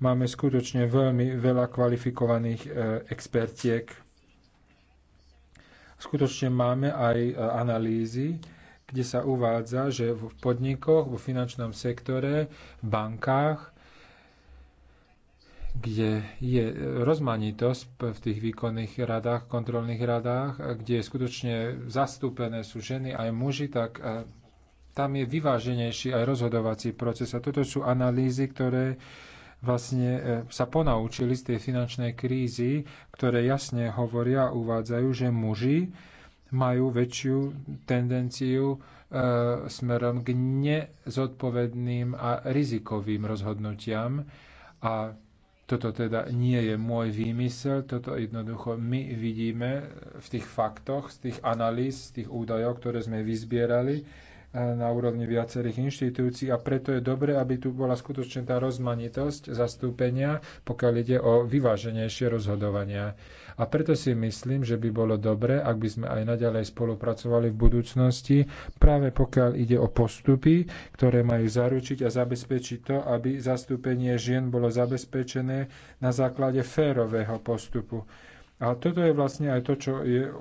Máme skutočne veľmi veľa kvalifikovaných e, expertiek. Skutočne máme aj e, analýzy, kde sa uvádza, že v podnikoch, vo finančnom sektore, v bankách, kde je rozmanitosť v tých výkonných radách, kontrolných radách, kde skutočne zastúpené sú ženy aj muži, tak e, tam je vyváženejší aj rozhodovací proces. A toto sú analýzy, ktoré vlastne e, sa ponaučili z tej finančnej krízy, ktoré jasne hovoria a uvádzajú, že muži majú väčšiu tendenciu e, smerom k nezodpovedným a rizikovým rozhodnutiam. A toto teda nie je môj výmysel, toto jednoducho my vidíme v tých faktoch, z tých analýz, z tých údajov, ktoré sme vyzbierali na úrovni viacerých inštitúcií a preto je dobré, aby tu bola skutočne tá rozmanitosť zastúpenia, pokiaľ ide o vyváženejšie rozhodovania. A preto si myslím, že by bolo dobré, ak by sme aj naďalej spolupracovali v budúcnosti, práve pokiaľ ide o postupy, ktoré majú zaručiť a zabezpečiť to, aby zastúpenie žien bolo zabezpečené na základe férového postupu a toto je vlastne aj to, čo je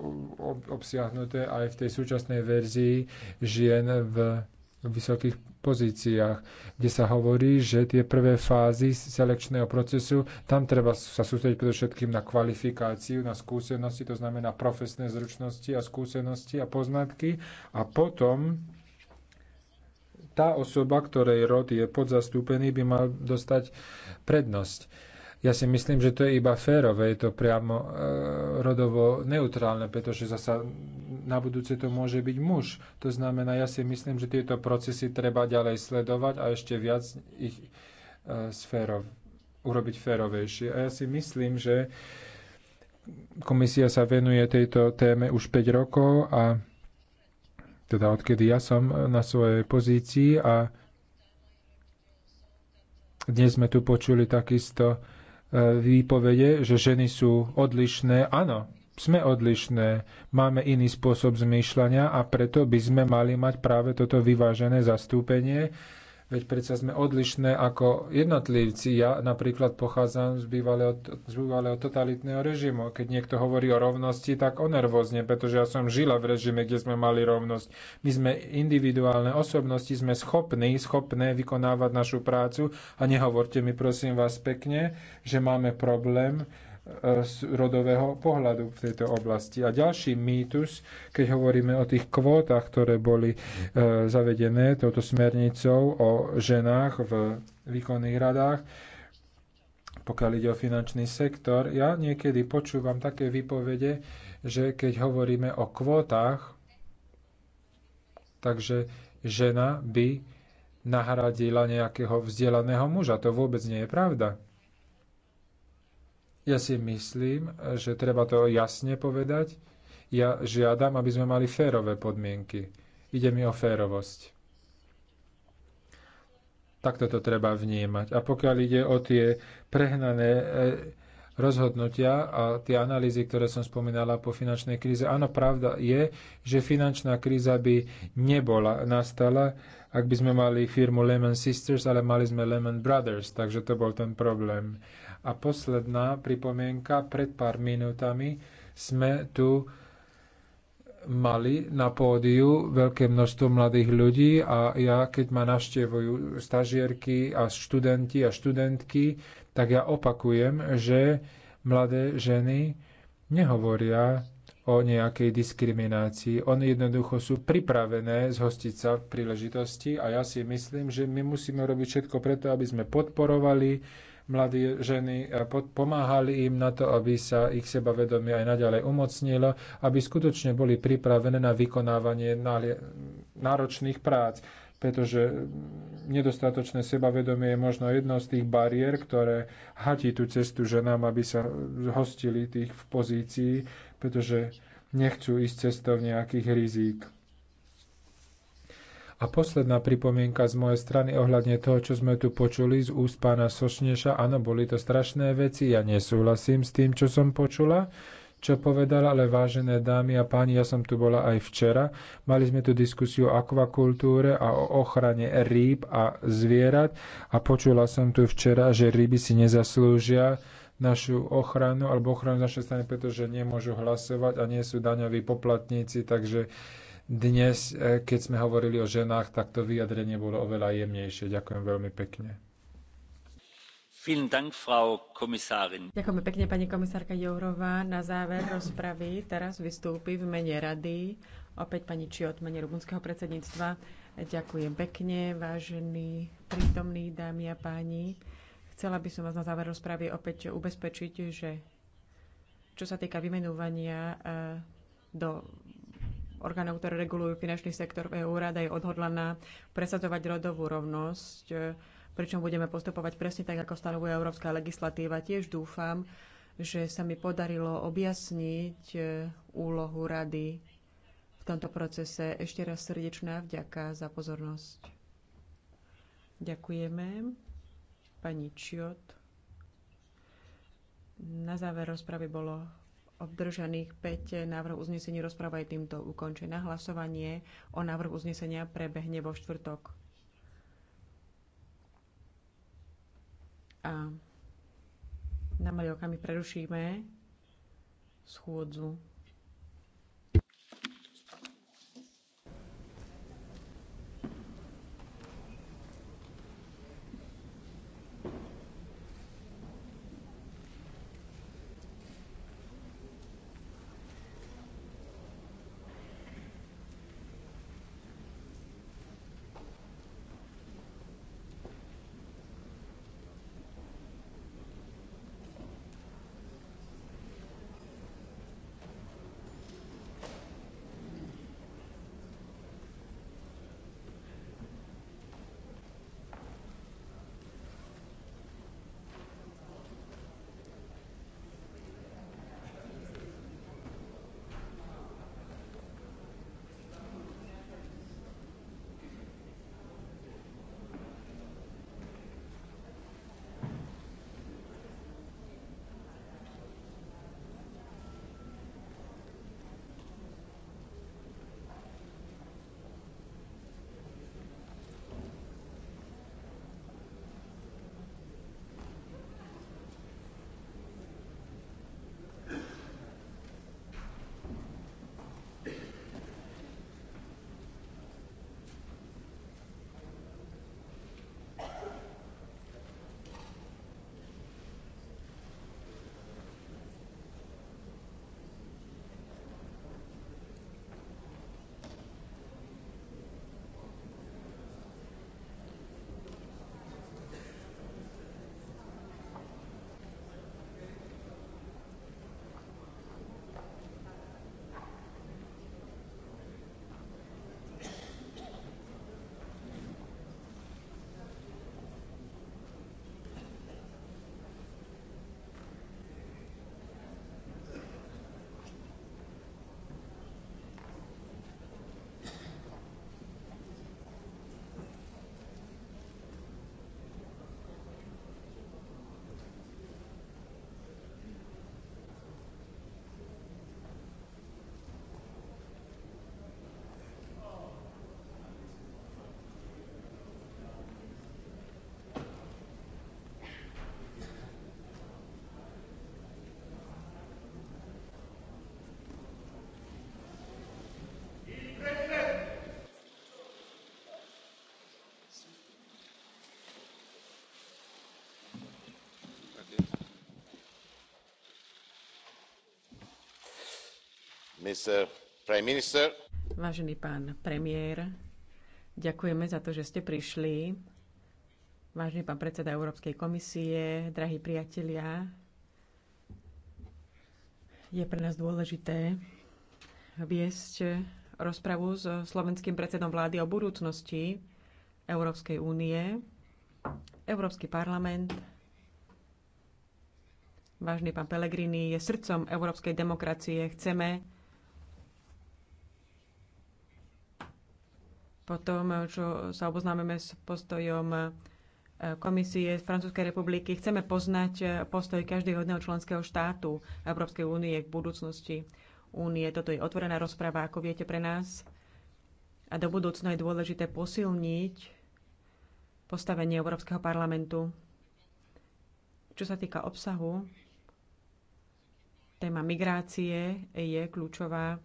obsiahnuté aj v tej súčasnej verzii žien v vysokých pozíciách, kde sa hovorí, že tie prvé fázy selekčného procesu, tam treba sa sústrediť predovšetkým na kvalifikáciu, na skúsenosti, to znamená profesné zručnosti a skúsenosti a poznatky. A potom tá osoba, ktorej rod je podzastúpený, by mal dostať prednosť ja si myslím, že to je iba férové, je to priamo e, rodovo neutrálne, pretože zasa na budúce to môže byť muž. To znamená, ja si myslím, že tieto procesy treba ďalej sledovať a ešte viac ich e, sférov, urobiť férovejšie. A ja si myslím, že komisia sa venuje tejto téme už 5 rokov a teda odkedy ja som na svojej pozícii a dnes sme tu počuli takisto výpovede, že ženy sú odlišné. Áno, sme odlišné, máme iný spôsob zmýšľania a preto by sme mali mať práve toto vyvážené zastúpenie Veď predsa sme odlišné ako jednotlivci. Ja napríklad pochádzam z bývalého, z bývalého totalitného režimu. Keď niekto hovorí o rovnosti, tak o nervózne, pretože ja som žila v režime, kde sme mali rovnosť. My sme individuálne osobnosti, sme schopní, schopné vykonávať našu prácu a nehovorte mi prosím vás pekne, že máme problém z rodového pohľadu v tejto oblasti. A ďalší mýtus, keď hovoríme o tých kvótach, ktoré boli e, zavedené touto smernicou o ženách v výkonných radách, pokiaľ ide o finančný sektor, ja niekedy počúvam také výpovede, že keď hovoríme o kvótach, takže žena by nahradila nejakého vzdelaného muža. To vôbec nie je pravda. Ja si myslím, že treba to jasne povedať. Ja žiadam, aby sme mali férové podmienky. Ide mi o férovosť. Takto to treba vnímať. A pokiaľ ide o tie prehnané e, rozhodnutia a tie analýzy, ktoré som spomínala po finančnej kríze. Áno, pravda je, že finančná kríza by nebola nastala, ak by sme mali firmu Lehman Sisters, ale mali sme Lehman Brothers, takže to bol ten problém. A posledná pripomienka, pred pár minútami sme tu mali na pódiu veľké množstvo mladých ľudí a ja, keď ma navštevujú stažierky a študenti a študentky, tak ja opakujem, že mladé ženy nehovoria o nejakej diskriminácii. Oni jednoducho sú pripravené zhostiť sa v príležitosti a ja si myslím, že my musíme robiť všetko preto, aby sme podporovali mladé ženy, eh, pomáhali im na to, aby sa ich sebavedomie aj naďalej umocnilo, aby skutočne boli pripravené na vykonávanie náročných prác pretože nedostatočné sebavedomie je možno jednou z tých bariér, ktoré hatí tú cestu ženám, aby sa hostili tých v pozícii, pretože nechcú ísť cestou nejakých rizík. A posledná pripomienka z mojej strany ohľadne toho, čo sme tu počuli z úst pána Sošneša. Áno, boli to strašné veci, ja nesúhlasím s tým, čo som počula čo povedala, ale vážené dámy a páni, ja som tu bola aj včera. Mali sme tu diskusiu o akvakultúre a o ochrane rýb a zvierat a počula som tu včera, že ryby si nezaslúžia našu ochranu alebo ochranu našej strany, pretože nemôžu hlasovať a nie sú daňoví poplatníci, takže uh, dnes, e, keď sme hovorili o ženách, tak to vyjadrenie bolo oveľa jemnejšie. Ďakujem veľmi pekne. Ďakujeme pekne, pani komisárka Jourová. Na záver rozpravy teraz vystúpi v mene rady opäť pani Čiot, mene rumunského predsedníctva. Ďakujem pekne, vážení prítomní dámy a páni. Chcela by som vás na záver rozpravy opäť ubezpečiť, že čo sa týka vymenúvania e, do orgánov, ktoré regulujú finančný sektor v EÚ. Rada je odhodlaná presadzovať rodovú rovnosť, pričom budeme postupovať presne tak, ako stanovuje európska legislatíva. Tiež dúfam, že sa mi podarilo objasniť e, úlohu rady v tomto procese. Ešte raz srdečná vďaka za pozornosť. Ďakujeme. Pani Čiot. Na záver rozpravy bolo obdržaných 5 návrh uznesení. Rozpráva je týmto ukončená. Hlasovanie o návrhu uznesenia prebehne vo štvrtok. A na okamih prerušíme schôdzu. Vážený pán premiér, ďakujeme za to, že ste prišli. Vážený pán predseda Európskej komisie, drahí priatelia, je pre nás dôležité viesť rozpravu s slovenským predsedom vlády o budúcnosti Európskej únie, Európsky parlament, vážený pán Pelegrini, je srdcom európskej demokracie. Chceme potom, čo sa oboznámeme s postojom eh, komisie Francúzskej republiky. Chceme poznať eh, postoj každého jedného členského štátu Európskej únie k budúcnosti únie. Toto je otvorená rozpráva, ako viete, pre nás. A do budúcna je dôležité posilniť postavenie Európskeho parlamentu. Čo sa týka obsahu, téma migrácie je kľúčová.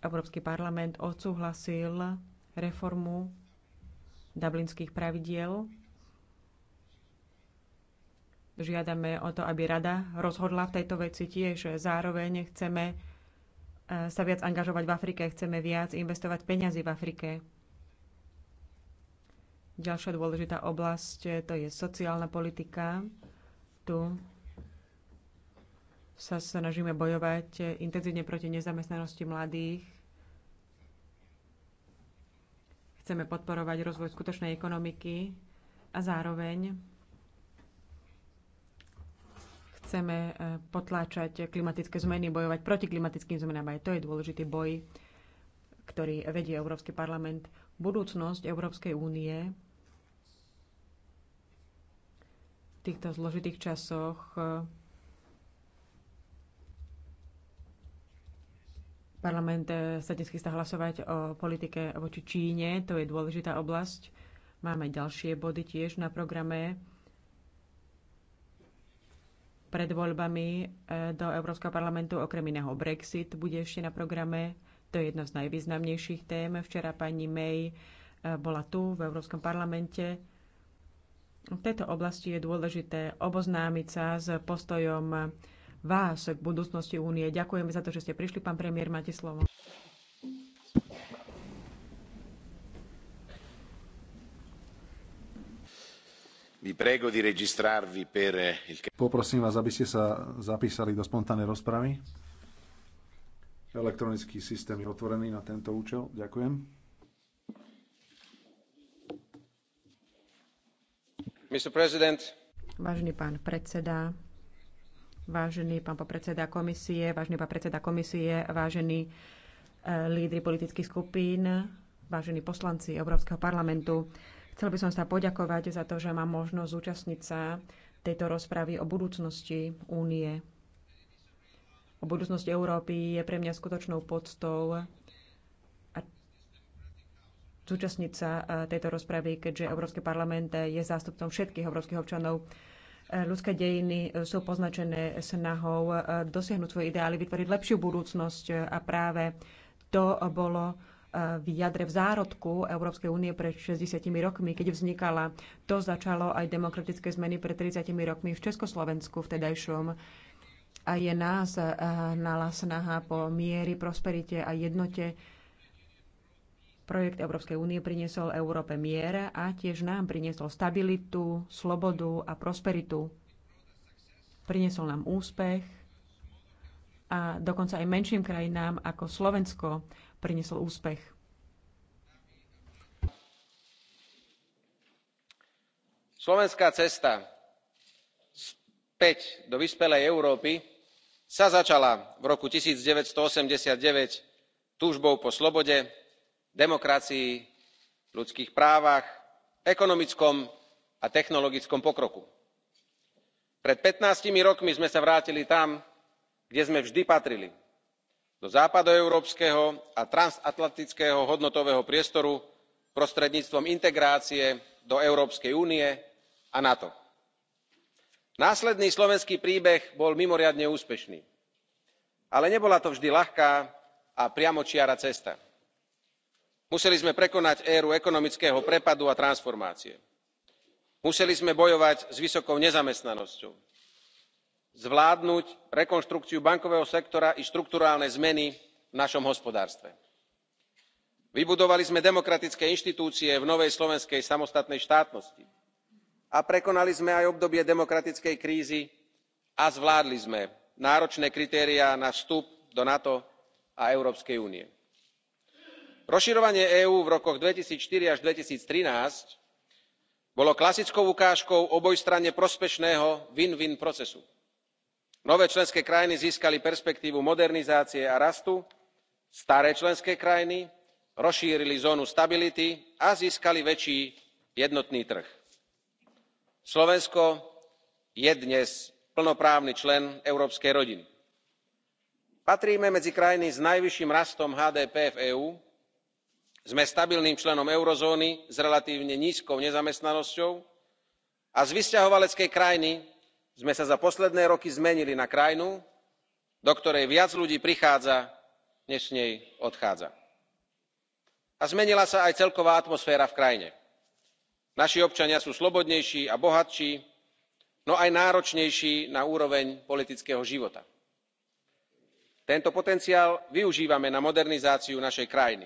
Európsky parlament odsúhlasil reformu dublinských pravidiel. Žiadame o to, aby rada rozhodla v tejto veci tiež. Zároveň chceme eh, sa viac angažovať v Afrike, chceme viac investovať peniazy v Afrike. Ďalšia dôležitá oblasť eh, to je sociálna politika. Tu sa snažíme bojovať eh, intenzívne proti nezamestnanosti mladých Chceme podporovať rozvoj skutočnej ekonomiky a zároveň chceme e, potláčať klimatické zmeny, bojovať proti klimatickým zmenám. Aj to je dôležitý boj, ktorý vedie Európsky parlament. Budúcnosť Európskej únie v týchto zložitých časoch e, Parlament e, sa dnes chystá hlasovať o politike voči Číne, to je dôležitá oblasť. Máme ďalšie body tiež na programe. Pred voľbami e, do Európskeho parlamentu okrem iného Brexit bude ešte na programe. To je jedna z najvýznamnejších tém. Včera pani May e, bola tu v Európskom parlamente. V tejto oblasti je dôležité oboznámiť sa s postojom vás k budúcnosti únie. Ďakujeme za to, že ste prišli, pán premiér, máte slovo. Poprosím vás, aby ste sa zapísali do spontánnej rozpravy. Elektronický systém je otvorený na tento účel. Ďakujem. Vážený pán predseda, Vážený pán popredseda komisie, vážený pán predseda komisie, vážení e, lídry politických skupín, vážení poslanci Európskeho parlamentu. Chcel by som sa poďakovať za to, že mám možnosť zúčastniť sa tejto rozpravy o budúcnosti únie. O budúcnosti Európy je pre mňa skutočnou podstou a zúčastniť sa e, tejto rozpravy, keďže Európsky parlament je zástupcom všetkých európskych občanov. Ľudské dejiny e, sú poznačené snahou e, dosiahnuť svoje ideály, vytvoriť lepšiu budúcnosť e, a práve to bolo v jadre, v zárodku Európskej únie pred 60 rokmi, keď vznikala. To začalo aj demokratické zmeny pred 30 rokmi v Československu vtedajšom. A je nás hnala snaha po miery, prosperite a jednote Projekt Európskej únie priniesol Európe mier a tiež nám priniesol stabilitu, slobodu a prosperitu. Priniesol nám úspech a dokonca aj menším krajinám ako Slovensko priniesol úspech. Slovenská cesta späť do vyspelej Európy sa začala v roku 1989 túžbou po slobode, demokracii ľudských právach ekonomickom a technologickom pokroku. pred pätnástimi rokmi sme sa vrátili tam kde sme vždy patrili do západoeurópskeho a transatlantického hodnotového priestoru prostredníctvom integrácie do európskej únie a nato. následný slovenský príbeh bol mimoriadne úspešný ale nebola to vždy ľahká a priamočiara cesta museli sme prekonať éru ekonomického prepadu a transformácie. museli sme bojovať s vysokou nezamestnanosťou zvládnuť rekonštrukciu bankového sektora i štrukturálne zmeny v našom hospodárstve. vybudovali sme demokratické inštitúcie v novej slovenskej samostatnej štátnosti a prekonali sme aj obdobie demokratickej krízy a zvládli sme náročné kritériá na vstup do nato a európskej únie rozširovanie eú v rokoch two thousand and four až two thousand and thirteen bolo klasickou ukážkou obojstranne prospešného win win procesu. nové členské krajiny získali perspektívu modernizácie a rastu staré členské krajiny rozšírili zónu stability a získali väčší jednotný trh. slovensko je dnes plnoprávny člen európskej rodiny. patríme medzi krajiny s najvyšším rastom hdp v eú sme stabilným členom eurozóny s relatívne nízkou nezamestnanosťou a z vysťahovaleckej krajiny sme sa za posledné roky zmenili na krajinu do ktorej viac ľudí prichádza než z nej odchádza. a zmenila sa aj celková atmosféra v krajine. naši občania sú slobodnejší a bohatší no aj náročnejší na úroveň politického života. tento potenciál využívame na modernizáciu našej krajiny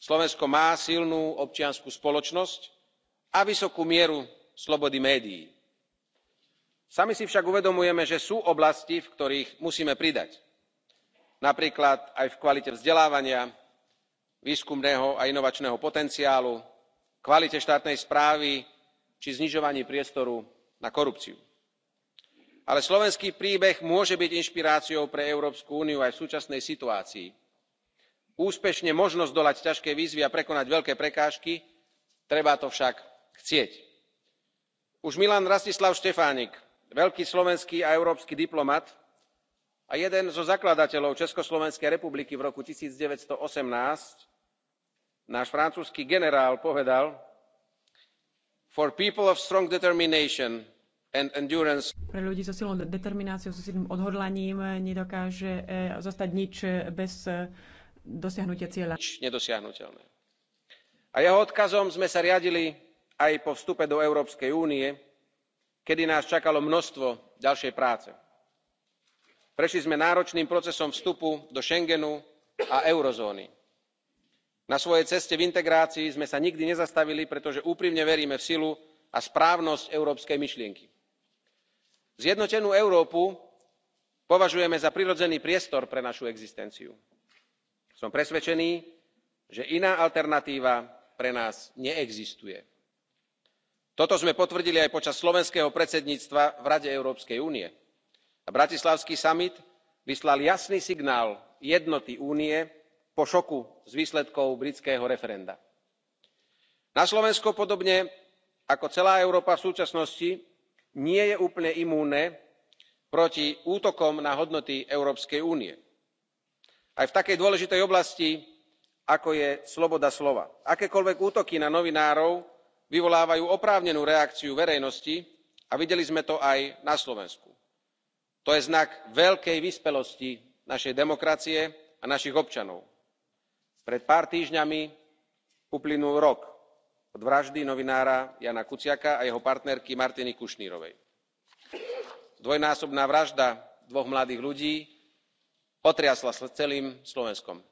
slovensko má silnú občiansku spoločnosť a vysokú mieru slobody médií. sami si však uvedomujeme že sú oblasti v ktorých musíme pridať napríklad aj v kvalite vzdelávania výskumného a inovačného potenciálu kvalite štátnej správy či znižovaní priestoru na korupciu. ale slovenský príbeh môže byť inšpiráciou pre európsku úniu aj v súčasnej situácii úspešne možno zdolať ťažké výzvy a prekonať veľké prekážky treba to však chcieť. už milan rastislav štefánik veľký slovenský a európsky diplomat a jeden zo zakladateľov československej republiky v roku one thousand nine hundred and eighteen náš francúzsky generál povedal for people of strong determination and endurance pre ľudí so silnou determináciou so silným odhodlaním nedokáže e, zostať nič bez dosiahnutie cieľa. Nič nedosiahnuteľné. A jeho odkazom sme sa riadili aj po vstupe do Európskej únie, kedy nás čakalo množstvo ďalšej práce. Prešli sme náročným procesom vstupu do Schengenu a eurozóny. Na svojej ceste v integrácii sme sa nikdy nezastavili, pretože úprimne veríme v silu a správnosť európskej myšlienky. Zjednotenú Európu považujeme za prirodzený priestor pre našu existenciu som presvedčený že iná alternatíva pre nás neexistuje. toto sme potvrdili aj počas slovenského predsedníctva v rade európskej únie a bratislavský samit vyslal jasný signál jednoty únie po šoku z výsledkov britského referenda. na slovensko podobne ako celá európa v súčasnosti nie je úplne imúnne proti útokom na hodnoty európskej únie aj v takej dôležitej oblasti ako je sloboda slova. akékoľvek útoky na novinárov vyvolávajú oprávnenú reakciu verejnosti a videli sme to aj na slovensku. to je znak veľkej vyspelosti našej demokracie a našich občanov. pred pár týždňami uplynul rok od vraždy novinára jána kuciaka a jeho partnerky martiny kušnírovej. dvojnásobná vražda dvoch mladých ľudí otriasla celým slovenskom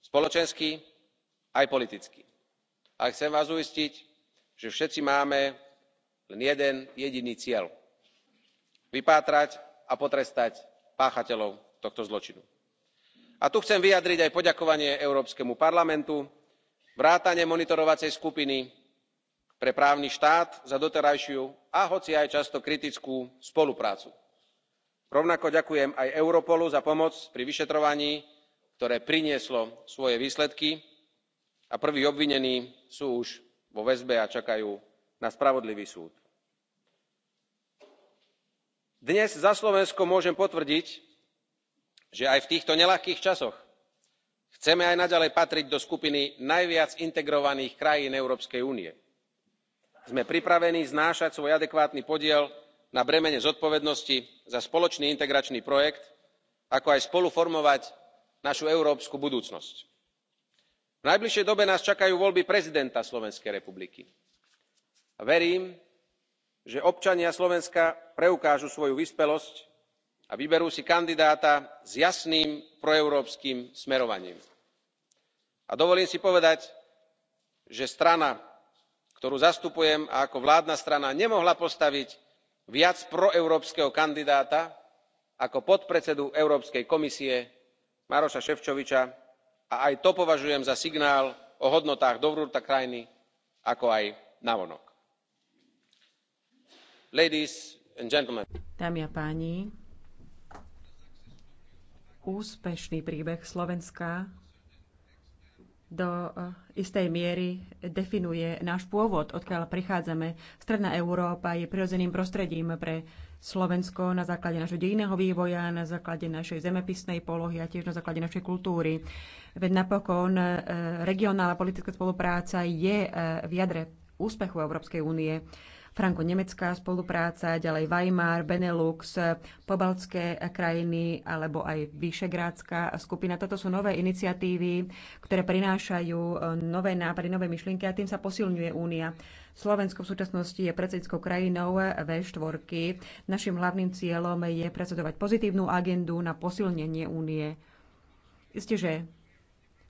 spoločensky aj politicky a chcem vás uistiť že všetci máme len jeden jediný cieľ vypátrať a potrestať páchateľov tohto zločinu. a tu chcem vyjadriť aj poďakovanie európskemu parlamentu vrátane monitorovacej skupiny pre právny štát za doterajšiu a hoci aj často kritickú spoluprácu rovnako ďakujem aj europolu za pomoc pri vyšetrovaní ktoré prinieslo svoje výsledky a prví obvinení sú už vo väzbe a čakajú na spravodlivý súd. dnes za slovensko môžem potvrdiť že aj v týchto neľahkých časoch chceme aj naďalej patriť do skupiny najviac integrovaných krajín európskej únie. sme pripravení znášať svoj adekvátny podiel na bremene zodpovednosti za spoločný integračný projekt ako aj spolu formovať našu európsku budúcnosť. v najbližšej dobe nás čakajú voľby prezidenta slovenskej republiky a verím že občania slovenska preukážu svoju vyspelosť a vyberú si kandidáta s jasným proeurópskym smerovaním. a dovolím si povedať že strana ktorú zastupujem a ako vládna strana nemohla postaviť viac proeurópskeho kandidáta ako podpredsedu európskej komisie maroša šefčoviča a aj to považujem za signál o hodnotách dovnútra krajiny ako aj navonok. dámy a páni úspešný príbeh slovenska do eh, istej miery definuje náš pôvod, odkiaľ prichádzame. Stredná Európa je prirodzeným prostredím pre Slovensko na základe našho dejinného vývoja, na základe našej zemepisnej polohy a tiež na základe našej kultúry. Veď napokon eh, regionálna politická spolupráca je eh, v jadre úspechu Európskej únie franko-nemecká spolupráca, ďalej Weimar, Benelux, pobaltské krajiny alebo aj Vyšegrádska skupina. Toto sú nové iniciatívy, ktoré prinášajú e, nové nápady, nové myšlienky a tým sa posilňuje únia. Slovensko v súčasnosti je predsedníckou krajinou V4. Našim hlavným cieľom je predsedovať pozitívnu agendu na posilnenie únie. Isté, že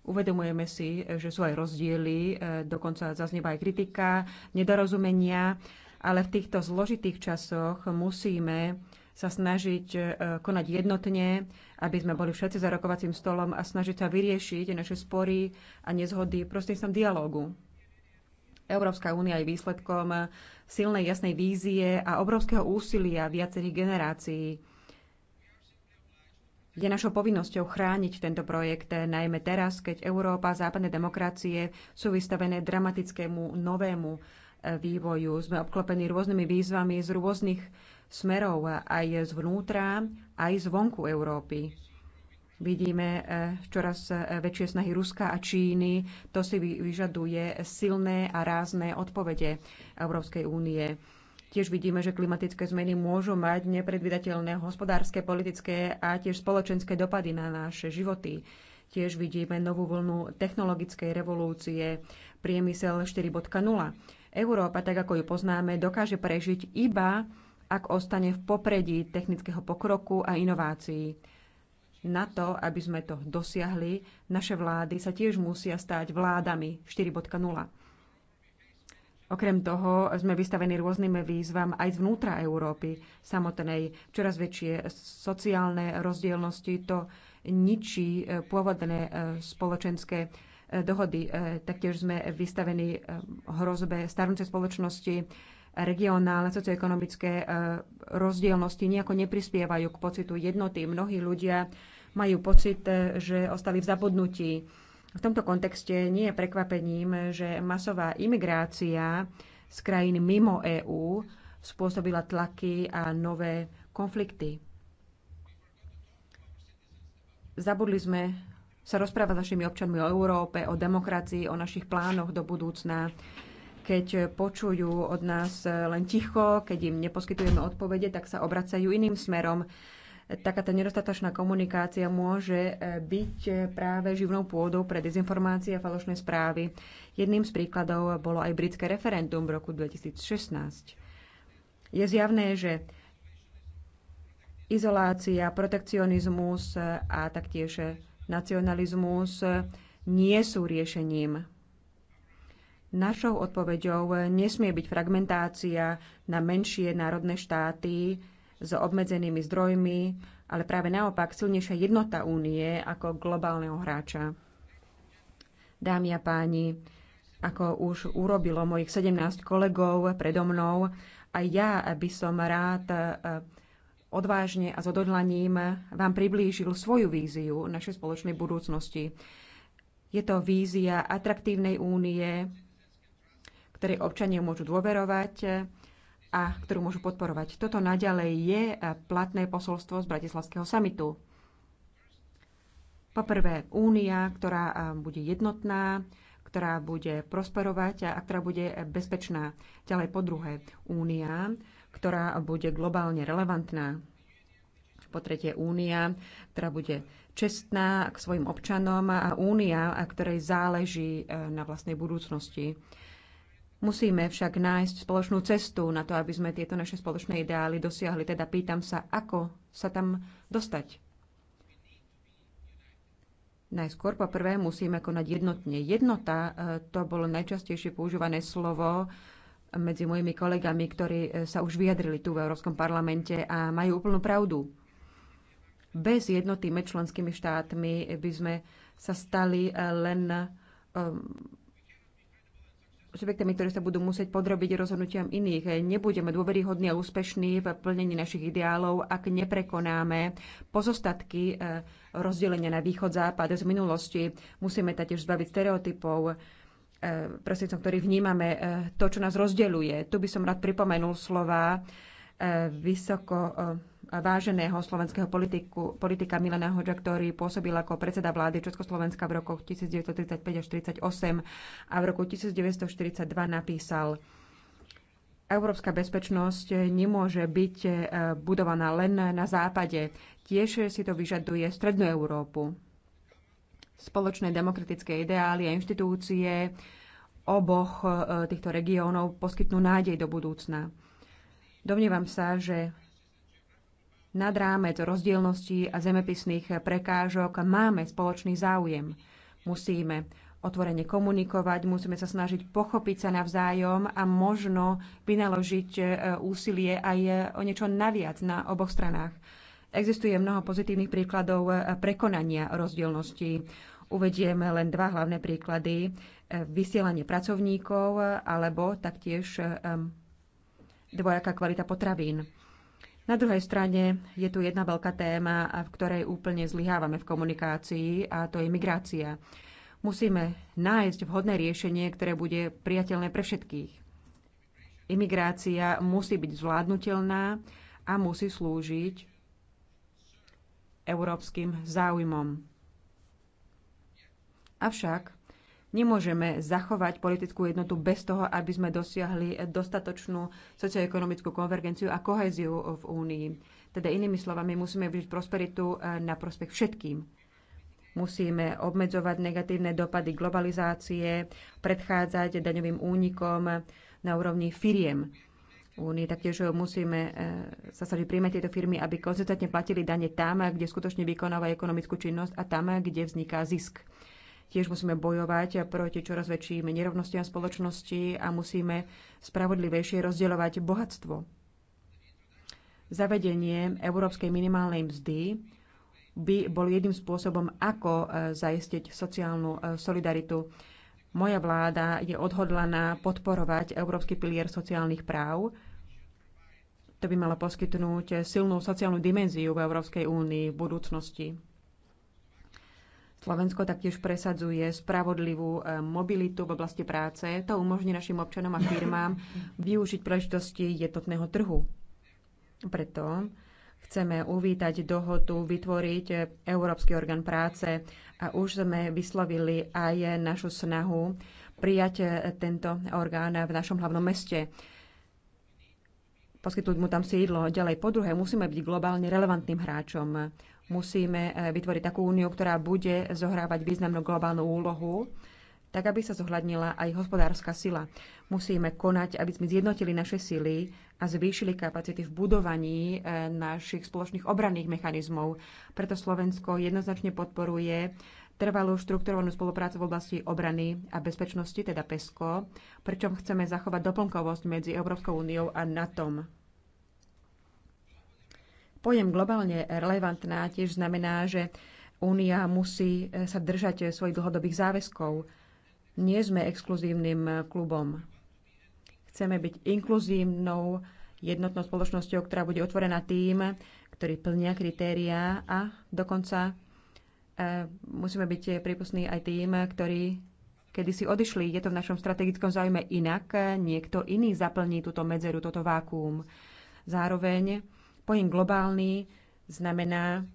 uvedomujeme si, že sú aj rozdiely, e, dokonca zaznieva aj kritika, nedorozumenia ale v týchto zložitých časoch musíme sa snažiť e, konať jednotne, aby sme boli všetci za rokovacím stolom a snažiť sa vyriešiť naše spory a nezhody prostredníctvom dialógu. Európska únia je výsledkom silnej jasnej vízie a obrovského úsilia viacerých generácií. Je našou povinnosťou chrániť tento projekt, najmä teraz, keď Európa a západné demokracie sú vystavené dramatickému novému vývoju. Sme obklopení rôznymi výzvami z rôznych smerov, aj zvnútra, aj zvonku Európy. Vidíme eh, čoraz eh, väčšie snahy Ruska a Číny. To si vyžaduje silné a rázne odpovede Európskej únie. Tiež vidíme, že klimatické zmeny môžu mať nepredvydateľné hospodárske, politické a tiež spoločenské dopady na naše životy. Tiež vidíme novú vlnu technologickej revolúcie, priemysel 4.0 Európa, tak ako ju poznáme, dokáže prežiť iba, ak ostane v popredí technického pokroku a inovácií. Na to, aby sme to dosiahli, naše vlády sa tiež musia stať vládami 4.0. Okrem toho sme vystavení rôznym výzvam aj zvnútra Európy samotnej. Čoraz väčšie sociálne rozdielnosti to ničí eh, pôvodné eh, spoločenské E, dohody. E, taktiež sme vystavení e, hrozbe starnúcej spoločnosti, regionálne, socioekonomické rozdielnosti nejako neprispievajú k pocitu jednoty. Mnohí ľudia majú pocit, že ostali v zabudnutí. V tomto kontexte nie je prekvapením, že masová imigrácia z krajín mimo EÚ spôsobila tlaky a nové konflikty. Zabudli sme sa rozpráva s našimi občanmi o Európe, o demokracii, o našich plánoch do budúcna. Keď počujú od nás len ticho, keď im neposkytujeme odpovede, tak sa obracajú iným smerom. Taká tá nedostatočná komunikácia môže e, byť e, práve živnou pôdou pre dezinformácie a falošné správy. Jedným z príkladov bolo aj britské referendum v roku 2016. Je zjavné, že izolácia, protekcionizmus e, a taktiež nacionalizmus eh, nie sú riešením. Našou odpoveďou eh, nesmie byť fragmentácia na menšie národné štáty s obmedzenými zdrojmi, ale práve naopak silnejšia jednota únie ako globálneho hráča. Dámy a páni, ako už urobilo mojich 17 kolegov predo mnou, aj ja by som rád eh, odvážne a s odhodlaním vám priblížil svoju víziu našej spoločnej budúcnosti. Je to vízia atraktívnej únie, ktorej občania môžu dôverovať a ktorú môžu podporovať. Toto naďalej je platné posolstvo z Bratislavského samitu. Poprvé, únia, ktorá bude jednotná, ktorá bude prosperovať a ktorá bude bezpečná. Ďalej po druhé, únia, ktorá bude globálne relevantná. Po tretie únia, ktorá bude čestná k svojim občanom a únia, ktorej záleží e, na vlastnej budúcnosti. Musíme však nájsť spoločnú cestu na to, aby sme tieto naše spoločné ideály dosiahli. Teda pýtam sa, ako sa tam dostať. Najskôr po prvé musíme konať jednotne. Jednota e, to bolo najčastejšie používané slovo medzi mojimi kolegami, ktorí e, sa už vyjadrili tu v Európskom parlamente a majú úplnú pravdu. Bez jednoty med členskými štátmi by sme sa stali e, len um, subjektami, ktoré sa budú musieť podrobiť rozhodnutiam iných. Nebudeme dôveryhodní a úspešní v plnení našich ideálov, ak neprekonáme pozostatky e, rozdelenia na východ-západ z minulosti. Musíme taktiež zbaviť stereotypov, E, prostredníctvom ktorých vnímame e, to, čo nás rozdeľuje. Tu by som rád pripomenul slova e, vysoko váženého slovenského politiku, politika Milana Hoďa, ktorý pôsobil ako predseda vlády Československa v rokoch 1935 až 1938 a v roku 1942 napísal Európska bezpečnosť nemôže byť budovaná len na západe. Tiež si to vyžaduje Strednú Európu spoločné demokratické ideály a inštitúcie oboch e, týchto regiónov poskytnú nádej do budúcna. Domnievam sa, že nad rámec rozdielností a zemepisných prekážok máme spoločný záujem. Musíme otvorene komunikovať, musíme sa snažiť pochopiť sa navzájom a možno vynaložiť e, úsilie aj e, o niečo naviac na oboch stranách. Existuje mnoho pozitívnych príkladov e, prekonania rozdielnosti. Uvediem len dva hlavné príklady. E, vysielanie pracovníkov e, alebo taktiež dvojaká kvalita potravín. Na druhej strane je tu jedna veľká téma, v ktorej úplne zlyhávame v komunikácii a to je migrácia. Musíme nájsť vhodné riešenie, ktoré bude priateľné pre všetkých. Imigrácia musí byť zvládnutelná a musí slúžiť európskym záujmom. Avšak nemôžeme zachovať politickú jednotu bez toho, aby sme dosiahli dostatočnú socioekonomickú konvergenciu a kohéziu v Únii. Teda inými slovami, musíme vyžiť prosperitu e, na prospech všetkým. Musíme obmedzovať negatívne dopady globalizácie, predchádzať daňovým únikom na úrovni firiem únii. Taktiež eh, musíme eh, sa snažiť príjmať tieto firmy, aby konzistentne platili dane tam, kde skutočne vykonáva ekonomickú činnosť a tam, kde vzniká zisk. Tiež musíme bojovať proti čoraz väčším nerovnostiam spoločnosti a musíme spravodlivejšie rozdielovať bohatstvo. Zavedenie európskej minimálnej mzdy by bol jedným spôsobom, ako eh, zaistiť sociálnu solidaritu moja vláda je odhodlaná podporovať Európsky pilier sociálnych práv. To by malo poskytnúť silnú sociálnu dimenziu v Európskej únii v budúcnosti. Slovensko taktiež presadzuje spravodlivú e, mobilitu v oblasti práce. To umožní našim občanom a firmám využiť príležitosti jednotného trhu. Preto Chceme uvítať dohodu, vytvoriť Európsky orgán práce a už sme vyslovili aj našu snahu prijať tento orgán v našom hlavnom meste poskytnúť mu tam sídlo. Ďalej, po druhé, musíme byť globálne relevantným hráčom. Musíme vytvoriť takú úniu, ktorá bude zohrávať významnú globálnu úlohu, tak aby sa zohľadnila aj hospodárska sila. Musíme konať, aby sme zjednotili naše sily a zvýšili kapacity v budovaní e, našich spoločných obranných mechanizmov. Preto Slovensko jednoznačne podporuje trvalú štrukturovanú spoluprácu v oblasti obrany a bezpečnosti, teda PESCO, pričom chceme zachovať doplnkovosť medzi Európskou úniou a NATO. Pojem globálne relevantná tiež znamená, že Únia musí e, sa držať e, svojich dlhodobých záväzkov. Nie sme exkluzívnym klubom. Chceme byť inkluzívnou jednotnou spoločnosťou, ktorá bude otvorená tým, ktorí plnia kritériá a dokonca e, musíme byť prípustní aj tým, ktorí kedy si odišli. Je to v našom strategickom záujme inak. Niekto iný zaplní túto medzeru, toto vákuum. Zároveň pojem globálny znamená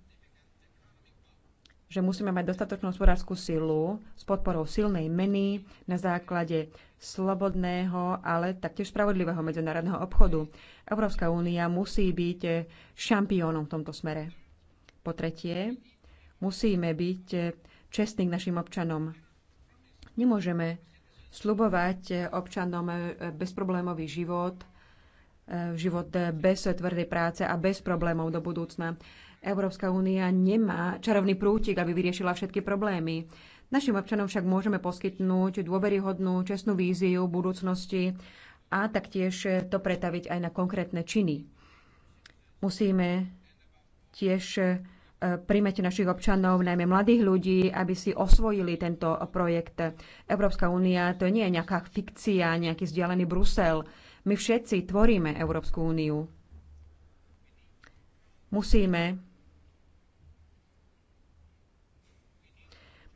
že musíme mať dostatočnú hospodárskú silu s podporou silnej meny na základe slobodného, ale taktiež spravodlivého medzinárodného obchodu. Európska únia musí byť šampiónom v tomto smere. Po tretie, musíme byť čestní k našim občanom. Nemôžeme slubovať občanom bezproblémový život, život bez tvrdej práce a bez problémov do budúcna. Európska únia nemá čarovný prútik, aby vyriešila všetky problémy. Našim občanom však môžeme poskytnúť dôveryhodnú, čestnú víziu budúcnosti a taktiež to pretaviť aj na konkrétne činy. Musíme tiež e, príjmete našich občanov, najmä mladých ľudí, aby si osvojili tento projekt. Európska únia to nie je nejaká fikcia, nejaký vzdialený Brusel. My všetci tvoríme Európsku úniu. Musíme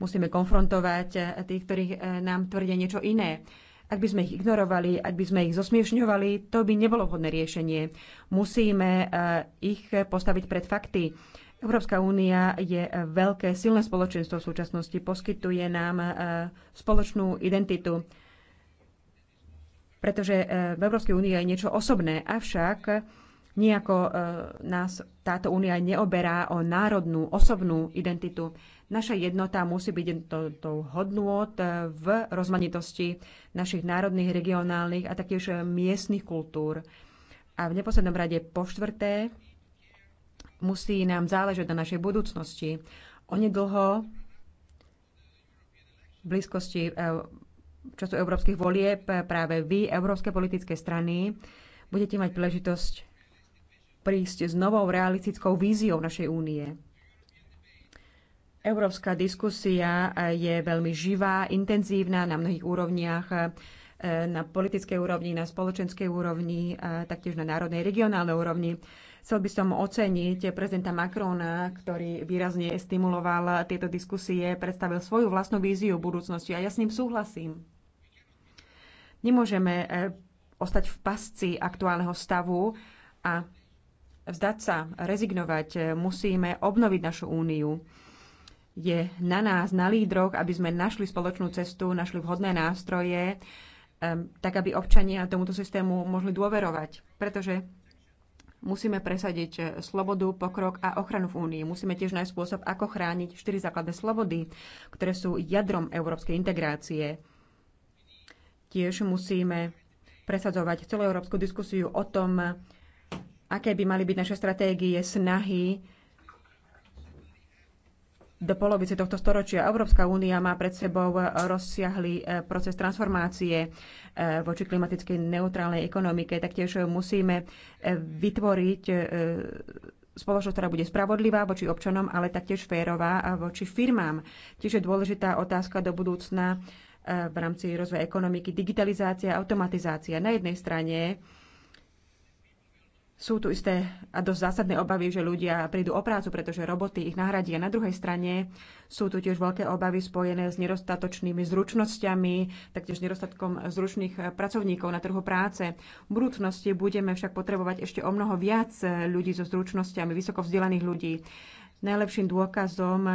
musíme konfrontovať e, tých, ktorí e, nám tvrdia niečo iné. Ak by sme ich ignorovali, ak by sme ich zosmiešňovali, to by nebolo vhodné riešenie. Musíme e, ich postaviť pred fakty. Európska únia je veľké, silné spoločenstvo v súčasnosti, poskytuje nám spoločnú identitu, pretože v Európskej únii je niečo osobné, avšak Nijako e, nás táto únia neoberá o národnú, osobnú identitu. Naša jednota musí byť tou hodnôt e, v rozmanitosti našich národných, regionálnych a taktiež miestnych kultúr. A v neposlednom rade po štvrté, musí nám záležať na našej budúcnosti. Onedlho v blízkosti e, času európskych volieb práve vy, európske politické strany, budete mať príležitosť prísť s novou realistickou víziou našej únie. Európska diskusia je veľmi živá, intenzívna na mnohých úrovniach, e, na politickej úrovni, na spoločenskej úrovni, e, taktiež na národnej, regionálnej úrovni. Chcel by som oceniť prezidenta Macrona, ktorý výrazne stimuloval tieto diskusie, predstavil svoju vlastnú víziu budúcnosti a ja s ním súhlasím. Nemôžeme e, ostať v pasci aktuálneho stavu a vzdať sa, rezignovať. E, musíme obnoviť našu úniu. Je na nás, na lídroch, aby sme našli spoločnú cestu, našli vhodné nástroje, e, tak aby občania tomuto systému mohli dôverovať. Pretože musíme presadiť e, slobodu, pokrok a ochranu v Únii. Musíme tiež nájsť spôsob, ako chrániť štyri základné slobody, ktoré sú jadrom európskej integrácie. Tiež musíme presadzovať celoeurópsku diskusiu o tom, aké by mali byť naše stratégie, snahy do polovice tohto storočia. Európska únia má pred sebou rozsiahly e, proces transformácie e, voči klimatickej neutrálnej ekonomike. Taktiež musíme e, vytvoriť spoločnosť, ktorá bude spravodlivá voči občanom, ale taktiež férová voči firmám. Tiež je dôležitá otázka do budúcna v rámci rozvoja ekonomiky digitalizácia a automatizácia. Na jednej strane sú tu isté a dosť zásadné obavy, že ľudia prídu o prácu, pretože roboty ich nahradia. Na druhej strane sú tu tiež veľké obavy spojené s nedostatočnými zručnosťami, taktiež nedostatkom zručných pracovníkov na trhu práce. V budúcnosti budeme však potrebovať ešte o mnoho viac ľudí so zručnosťami, vysoko vzdelaných ľudí. Najlepším dôkazom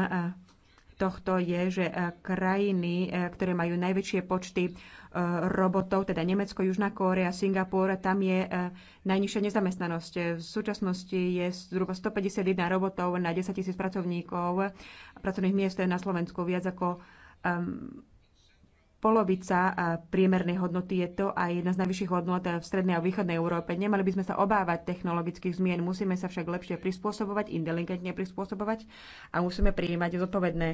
tohto je, že krajiny, e, ktoré majú najväčšie počty robotov, teda Nemecko, Južná Kórea, Singapur, tam je e, najnižšia nezamestnanosť. V súčasnosti je zhruba 151 robotov na 10 tisíc pracovníkov. Pracovných miest na Slovensku viac ako um, polovica e, priemernej hodnoty je to a jedna z najvyšších hodnot v strednej a východnej Európe. Nemali by sme sa obávať technologických zmien, musíme sa však lepšie prispôsobovať, inteligentne prispôsobovať a musíme prijímať zodpovedné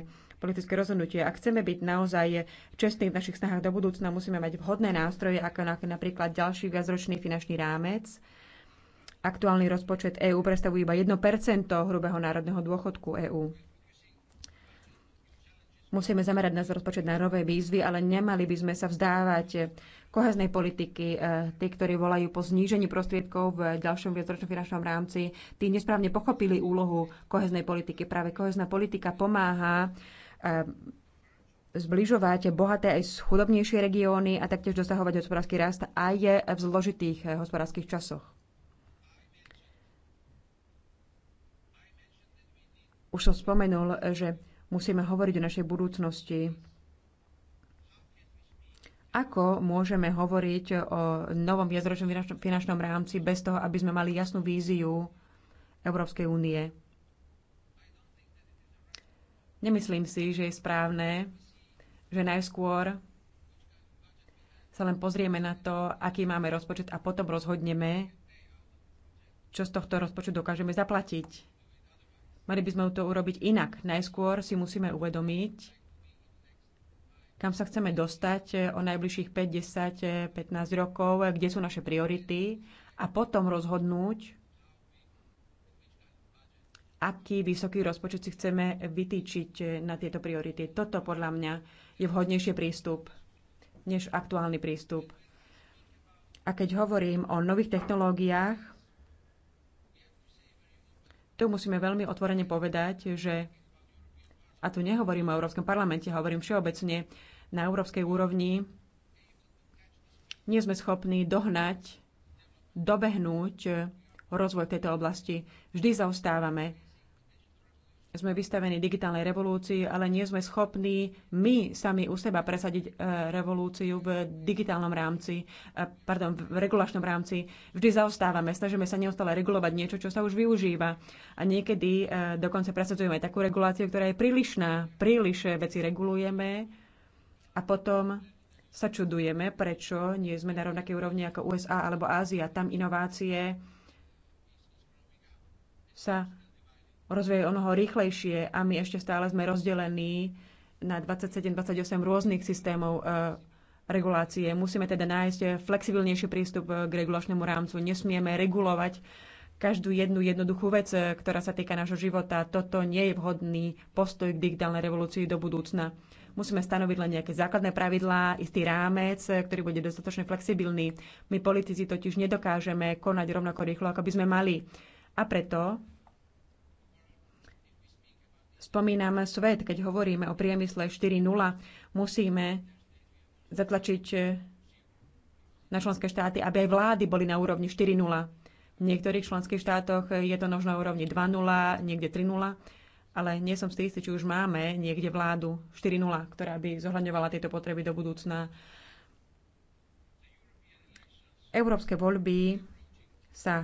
politické rozhodnutie. Ak chceme byť naozaj čestní v našich snahách do budúcna, musíme mať vhodné nástroje, ako napríklad ďalší viacročný finančný rámec. Aktuálny rozpočet EÚ predstavuje iba 1% hrubého národného dôchodku EÚ. Musíme zamerať nás rozpočet na nové výzvy, ale nemali by sme sa vzdávať koheznej politiky. E, tí, ktorí volajú po znížení prostriedkov v ďalšom viacročnom finančnom rámci, tí nesprávne pochopili úlohu koheznej politiky. Práve kohezná politika pomáha zbližovať bohaté aj chudobnejšie regióny a taktiež dosahovať hospodársky rast aj v zložitých eh, hospodárskych časoch. Už som spomenul, eh, že musíme hovoriť o našej budúcnosti. Ako môžeme hovoriť o novom viacročnom finančnom rámci bez toho, aby sme mali jasnú víziu Európskej únie? Nemyslím si, že je správne, že najskôr sa len pozrieme na to, aký máme rozpočet a potom rozhodneme, čo z tohto rozpočtu dokážeme zaplatiť. Mali by sme to urobiť inak. Najskôr si musíme uvedomiť, kam sa chceme dostať o najbližších 5, 10, 15 rokov, kde sú naše priority a potom rozhodnúť, aký vysoký rozpočet si chceme vytýčiť na tieto priority. Toto podľa mňa je vhodnejší prístup než aktuálny prístup. A keď hovorím o nových technológiách, tu musíme veľmi otvorene povedať, že, a tu nehovorím o Európskom parlamente, hovorím všeobecne, na európskej úrovni nie sme schopní dohnať, dobehnúť rozvoj v tejto oblasti. Vždy zaostávame sme vystavení digitálnej revolúcii, ale nie sme schopní my sami u seba presadiť e, revolúciu v digitálnom rámci, e, pardon, v regulačnom rámci. Vždy zaostávame, snažíme sa neustále regulovať niečo, čo sa už využíva. A niekedy e, dokonca presadzujeme takú reguláciu, ktorá je prílišná. Príliš veci regulujeme a potom sa čudujeme, prečo nie sme na rovnakej úrovni ako USA alebo Ázia. Tam inovácie sa rozvíjajú o mnoho rýchlejšie a my ešte stále sme rozdelení na 27-28 rôznych systémov e, regulácie. Musíme teda nájsť flexibilnejší prístup k regulačnému rámcu. Nesmieme regulovať každú jednu jednoduchú vec, e, ktorá sa týka nášho života. Toto nie je vhodný postoj k digitálnej revolúcii do budúcna. Musíme stanoviť len nejaké základné pravidlá, istý rámec, e, ktorý bude dostatočne flexibilný. My politici totiž nedokážeme konať rovnako rýchlo, ako by sme mali. A preto spomíname svet, keď hovoríme o priemysle 4.0, musíme zatlačiť eh, na členské štáty, aby aj vlády boli na úrovni 4.0. V niektorých členských štátoch je to možno na úrovni 2.0, niekde 3.0, ale nie som si istý, či už máme niekde vládu 4.0, ktorá by zohľadňovala tieto potreby do budúcna. Európske voľby sa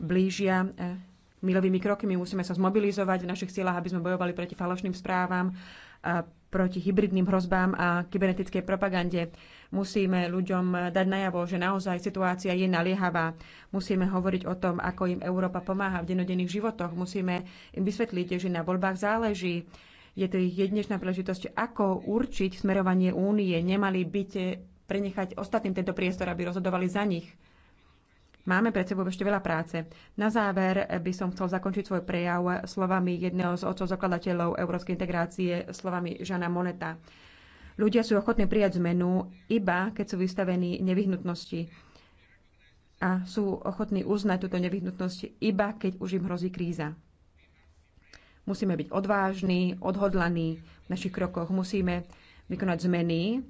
blížia eh, milovými krokmi. Musíme sa zmobilizovať v našich silách, aby sme bojovali proti falošným správam, a proti hybridným hrozbám a kybernetickej propagande. Musíme ľuďom dať najavo, že naozaj situácia je naliehavá. Musíme hovoriť o tom, ako im Európa pomáha v denodenných životoch. Musíme im vysvetliť, že na voľbách záleží. Je to ich jedinečná príležitosť, ako určiť smerovanie únie. Nemali byť prenechať ostatným tento priestor, aby rozhodovali za nich Máme pred sebou ešte veľa práce. Na záver by som chcel zakončiť svoj prejav slovami jedného z otcov zakladateľov európskej integrácie, slovami Žana Moneta. Ľudia sú ochotní prijať zmenu iba, keď sú vystavení nevyhnutnosti. A sú ochotní uznať túto nevyhnutnosť iba, keď už im hrozí kríza. Musíme byť odvážni, odhodlaní v našich krokoch. Musíme vykonať zmeny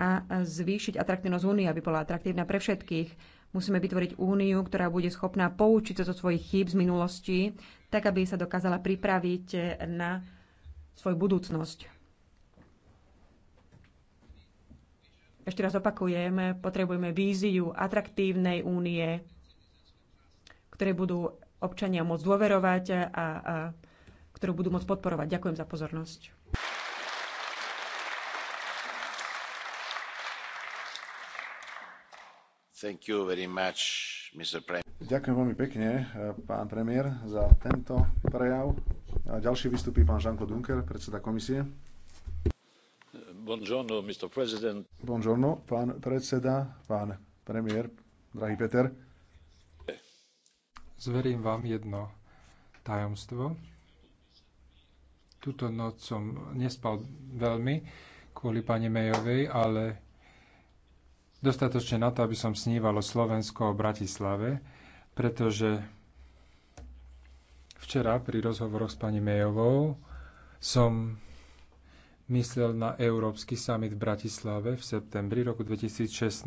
a zvýšiť atraktívnosť únie, aby bola atraktívna pre všetkých Musíme vytvoriť úniu, ktorá bude schopná poučiť sa zo svojich chýb z minulosti, tak aby sa dokázala pripraviť na svoju budúcnosť. Ešte raz opakujem, potrebujeme víziu atraktívnej únie, ktoré budú občania môcť dôverovať a, a ktorú budú môcť podporovať. Ďakujem za pozornosť. Ďakujem veľmi pekne, eh, pán premiér, za tento prejav. A ďalší vystupí pán Jean-Claude Juncker, predseda komisie. Buongiorno, Mr. President. Buongiorno, pán predseda, pán premiér, drahý Peter. Zverím vám jedno tajomstvo. Tuto noc som nespal veľmi kvôli pani Mejovej, ale dostatočne na to, aby som snívalo Slovensko o Bratislave, pretože včera pri rozhovoroch s pani Mejovou som myslel na Európsky summit v Bratislave v septembri roku 2016,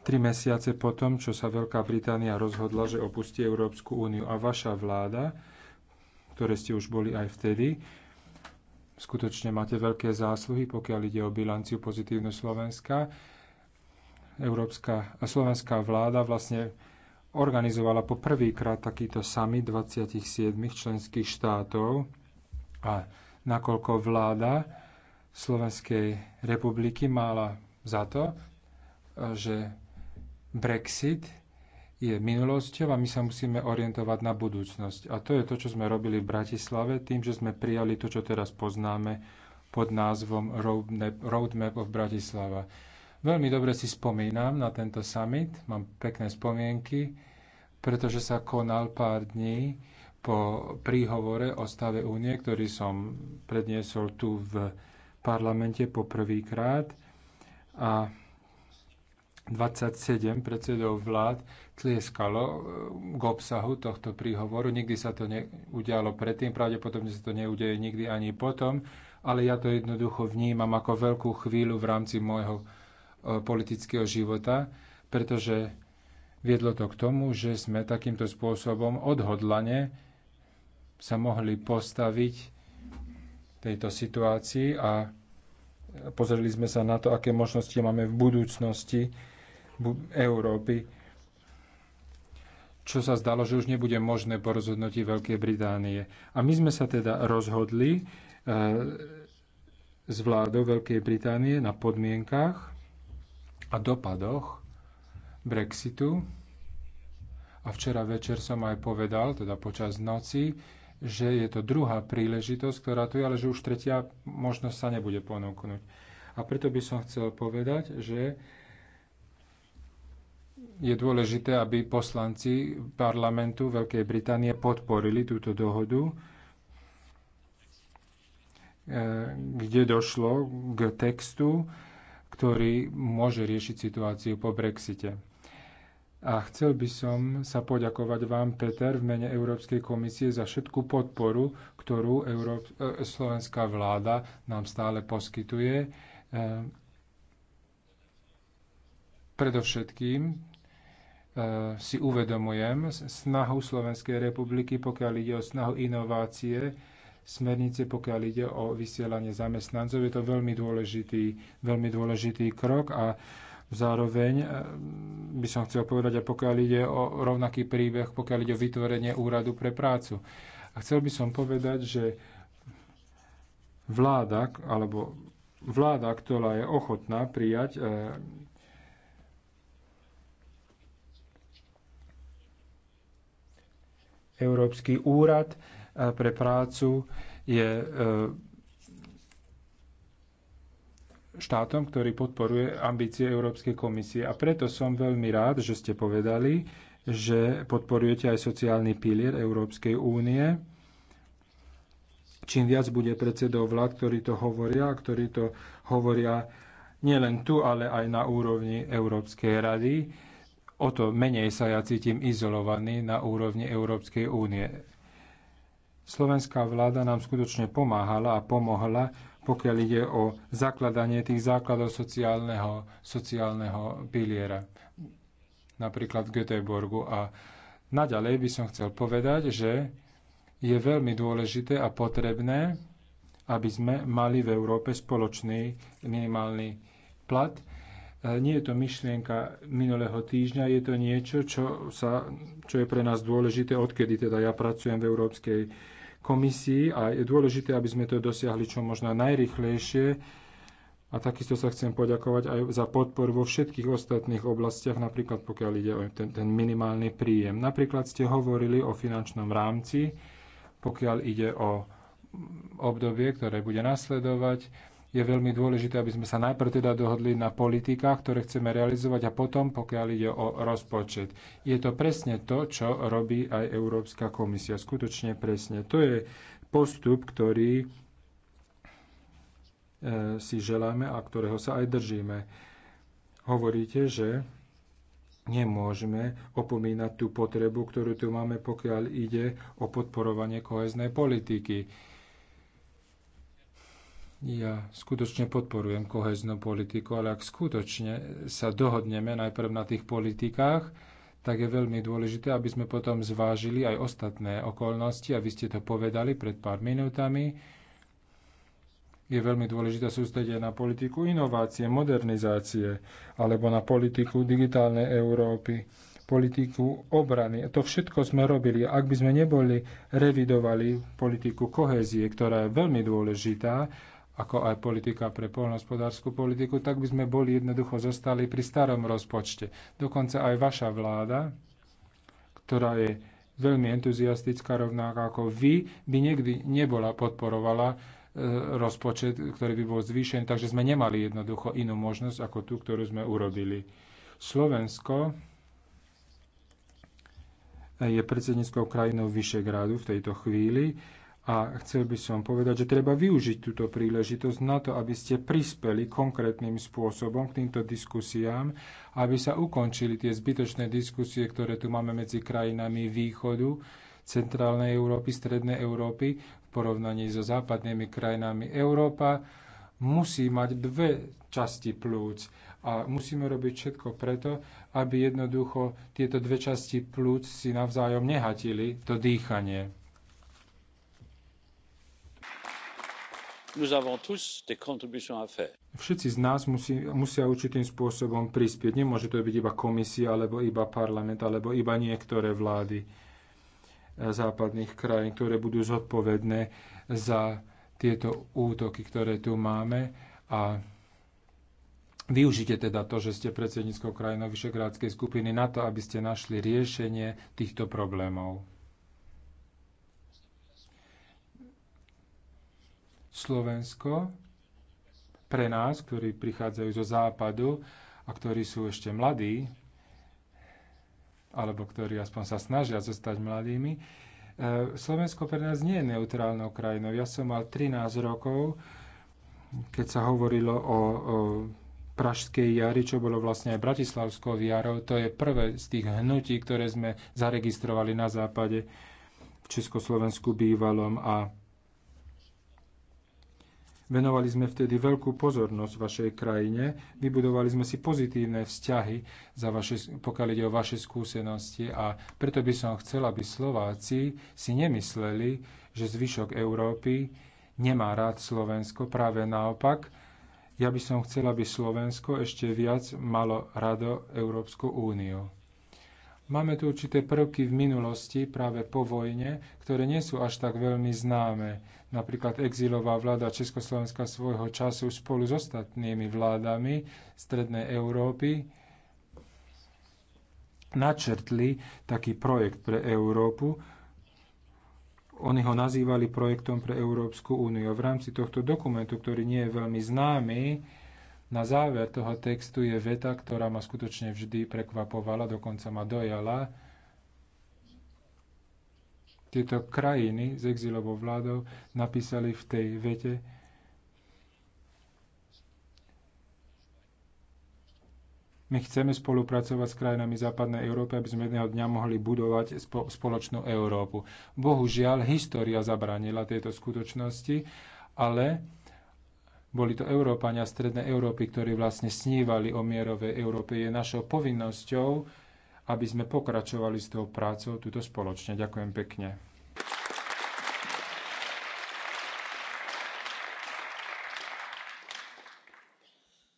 tri mesiace po čo sa Veľká Británia rozhodla, že opustí Európsku úniu a vaša vláda, ktoré ste už boli aj vtedy, Skutočne máte veľké zásluhy, pokiaľ ide o bilanciu pozitívnu Slovenska. Európska, slovenská vláda vlastne organizovala po prvýkrát takýto summit 27 členských štátov a nakoľko vláda Slovenskej republiky mala za to, že Brexit je minulosťou a my sa musíme orientovať na budúcnosť. A to je to, čo sme robili v Bratislave tým, že sme prijali to, čo teraz poznáme pod názvom Roadmap of Bratislava. Veľmi dobre si spomínam na tento summit, mám pekné spomienky, pretože sa konal pár dní po príhovore o stave únie, ktorý som predniesol tu v parlamente poprvýkrát. A 27 predsedov vlád tlieskalo eh, k obsahu tohto príhovoru. Nikdy sa to neudialo predtým, pravdepodobne sa to neudeje nikdy ani potom, ale ja to jednoducho vnímam ako veľkú chvíľu v rámci môjho eh, politického života, pretože viedlo to k tomu, že sme takýmto spôsobom odhodlane sa mohli postaviť tejto situácii a pozreli sme sa na to, aké možnosti máme v budúcnosti Európy, čo sa zdalo, že už nebude možné po rozhodnutí Veľkej Británie. A my sme sa teda rozhodli eh, s vládou Veľkej Británie na podmienkach a dopadoch Brexitu. A včera večer som aj povedal, teda počas noci, že je to druhá príležitosť, ktorá tu je, ale že už tretia možnosť sa nebude ponúknuť. A preto by som chcel povedať, že je dôležité, aby poslanci parlamentu Veľkej Británie podporili túto dohodu, e, kde došlo k textu, ktorý môže riešiť situáciu po Brexite. A chcel by som sa poďakovať vám, Peter, v mene Európskej komisie za všetku podporu, ktorú Európ- e, slovenská vláda nám stále poskytuje. E, predovšetkým E, si uvedomujem snahu Slovenskej republiky, pokiaľ ide o snahu inovácie, smernice, pokiaľ ide o vysielanie zamestnancov. Je to veľmi dôležitý, veľmi dôležitý krok a zároveň e, by som chcel povedať, a pokiaľ ide o rovnaký príbeh, pokiaľ ide o vytvorenie úradu pre prácu. A chcel by som povedať, že vláda, alebo vláda, ktorá je ochotná prijať e, Európsky úrad eh, pre prácu je eh, štátom, ktorý podporuje ambície Európskej komisie. A preto som veľmi rád, že ste povedali, že podporujete aj sociálny pilier Európskej únie. Čím viac bude predsedov vlád, ktorí to hovoria, ktorí to hovoria nielen tu, ale aj na úrovni Európskej rady, o to menej sa ja cítim izolovaný na úrovni Európskej únie. Slovenská vláda nám skutočne pomáhala a pomohla, pokiaľ ide o zakladanie tých základov sociálneho, sociálneho piliera, napríklad v Göteborgu. A naďalej by som chcel povedať, že je veľmi dôležité a potrebné, aby sme mali v Európe spoločný minimálny plat E, nie je to myšlienka minulého týždňa, je to niečo, čo, sa, čo je pre nás dôležité, odkedy teda ja pracujem v Európskej komisii a je dôležité, aby sme to dosiahli čo možno najrychlejšie. A takisto sa chcem poďakovať aj za podporu vo všetkých ostatných oblastiach, napríklad pokiaľ ide o ten, ten minimálny príjem. Napríklad ste hovorili o finančnom rámci, pokiaľ ide o obdobie, ktoré bude nasledovať je veľmi dôležité, aby sme sa najprv teda dohodli na politikách, ktoré chceme realizovať a potom, pokiaľ ide o rozpočet. Je to presne to, čo robí aj Európska komisia. Skutočne presne. To je postup, ktorý e, si želáme a ktorého sa aj držíme. Hovoríte, že nemôžeme opomínať tú potrebu, ktorú tu máme, pokiaľ ide o podporovanie koheznej politiky ja skutočne podporujem koheznú politiku, ale ak skutočne sa dohodneme najprv na tých politikách, tak je veľmi dôležité, aby sme potom zvážili aj ostatné okolnosti, a vy ste to povedali pred pár minútami. Je veľmi dôležité sústrediť na politiku inovácie, modernizácie, alebo na politiku digitálnej Európy, politiku obrany. To všetko sme robili. Ak by sme neboli revidovali politiku kohézie, ktorá je veľmi dôležitá, ako aj politika pre poľnohospodárskú politiku, tak by sme boli jednoducho zostali pri starom rozpočte. Dokonca aj vaša vláda, ktorá je veľmi entuziastická, rovnako ako vy, by nikdy nebola podporovala e, rozpočet, ktorý by bol zvýšený, takže sme nemali jednoducho inú možnosť ako tú, ktorú sme urobili. Slovensko je predsedníckou krajinou Vyšegrádu v tejto chvíli a chcel by som povedať, že treba využiť túto príležitosť na to, aby ste prispeli konkrétnym spôsobom k týmto diskusiám, aby sa ukončili tie zbytočné diskusie, ktoré tu máme medzi krajinami východu, centrálnej Európy, strednej Európy v porovnaní so západnými krajinami. Európa musí mať dve časti plúc a musíme robiť všetko preto, aby jednoducho tieto dve časti plúc si navzájom nehatili to dýchanie. Všetci z nás musí, musia určitým spôsobom prispieť. Nemôže to byť iba komisia, alebo iba parlament, alebo iba niektoré vlády e, západných krajín, ktoré budú zodpovedné za tieto útoky, ktoré tu máme. A využite teda to, že ste predsedníckou krajinou Vyšegrádskej skupiny na to, aby ste našli riešenie týchto problémov. Slovensko pre nás, ktorí prichádzajú zo západu a ktorí sú ešte mladí, alebo ktorí aspoň sa snažia zostať mladými, e, Slovensko pre nás nie je neutrálnou krajinou. Ja som mal 13 rokov, keď sa hovorilo o, o Pražskej jari, čo bolo vlastne aj Bratislavskou jarou. To je prvé z tých hnutí, ktoré sme zaregistrovali na západe v Československu bývalom a Venovali sme vtedy veľkú pozornosť vašej krajine, vybudovali sme si pozitívne vzťahy, za vaše, pokiaľ ide o vaše skúsenosti a preto by som chcela, aby Slováci si nemysleli, že zvyšok Európy nemá rád Slovensko, práve naopak, ja by som chcela, aby Slovensko ešte viac malo rado Európsku úniu. Máme tu určité prvky v minulosti, práve po vojne, ktoré nie sú až tak veľmi známe. Napríklad exilová vláda Československa svojho času spolu s ostatnými vládami Strednej Európy načrtli taký projekt pre Európu. Oni ho nazývali projektom pre Európsku úniu. V rámci tohto dokumentu, ktorý nie je veľmi známy, na záver toho textu je veta, ktorá ma skutočne vždy prekvapovala, dokonca ma dojala. Tieto krajiny s exilovou vládou napísali v tej vete, My chceme spolupracovať s krajinami západnej Európy, aby sme jedného dňa mohli budovať spoločnú Európu. Bohužiaľ, história zabránila tejto skutočnosti, ale boli to Európania Strednej Európy, ktorí vlastne snívali o mierovej Európe. Je našou povinnosťou, aby sme pokračovali s tou prácou tuto spoločne. Ďakujem pekne.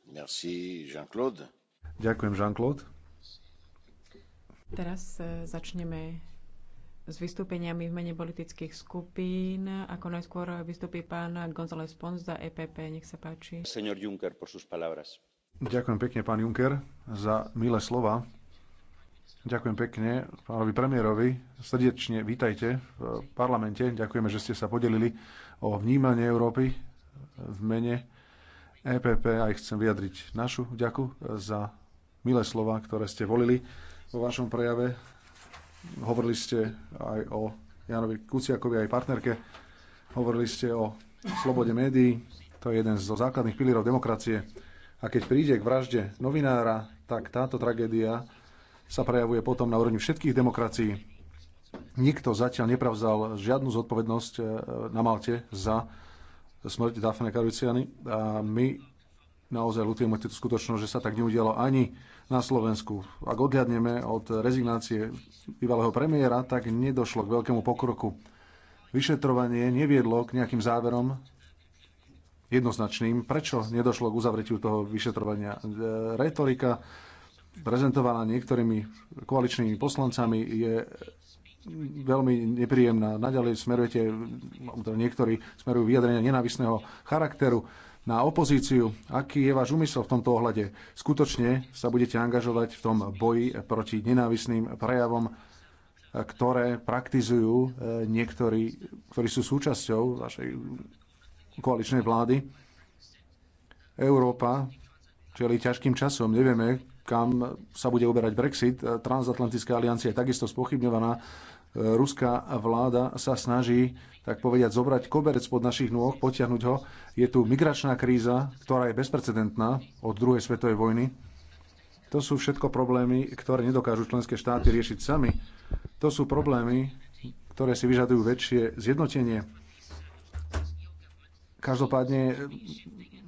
Merci, Jean-Claude. Ďakujem, Jean-Claude. Teraz e, začneme s vystúpeniami v mene politických skupín. Ako najskôr vystúpi pán González Pons za EPP. Nech sa páči. Senor Juncker, por sus palabras. Ďakujem pekne, pán Juncker, za milé slova. Ďakujem pekne pánovi premiérovi. Srdečne vítajte v parlamente. Ďakujeme, že ste sa podelili o vnímanie Európy v mene EPP. Aj chcem vyjadriť našu vďaku za milé slova, ktoré ste volili vo vašom prejave Hovorili ste aj o Janovi Kuciakovi, aj partnerke. Hovorili ste o slobode médií. To je jeden zo základných pilierov demokracie. A keď príde k vražde novinára, tak táto tragédia sa prejavuje potom na úrovni všetkých demokracií. Nikto zatiaľ nepravzal žiadnu zodpovednosť eh, na Malte za smrť Dafne Karuciany a my naozaj ľutujeme tú skutočnosť, že sa tak neudialo ani na Slovensku. Ak odhľadneme od rezignácie bývalého premiéra, tak nedošlo k veľkému pokroku. Vyšetrovanie neviedlo k nejakým záverom jednoznačným, prečo nedošlo k uzavretiu toho vyšetrovania. E, retorika prezentovaná niektorými koaličnými poslancami je veľmi nepríjemná. Naďalej smerujete, teda niektorí smerujú vyjadrenia nenávisného charakteru na opozíciu. Aký je váš úmysel v tomto ohľade? Skutočne sa budete angažovať v tom boji proti nenávisným prejavom, ktoré praktizujú e, niektorí, ktorí sú súčasťou vašej koaličnej vlády. Európa čeli ťažkým časom. Nevieme, kam sa bude uberať Brexit. E, Transatlantická aliancia je takisto spochybňovaná ruská vláda sa snaží, tak povediať, zobrať koberec pod našich nôh, potiahnuť ho. Je tu migračná kríza, ktorá je bezprecedentná od druhej svetovej vojny. To sú všetko problémy, ktoré nedokážu členské štáty riešiť sami. To sú problémy, ktoré si vyžadujú väčšie zjednotenie. Každopádne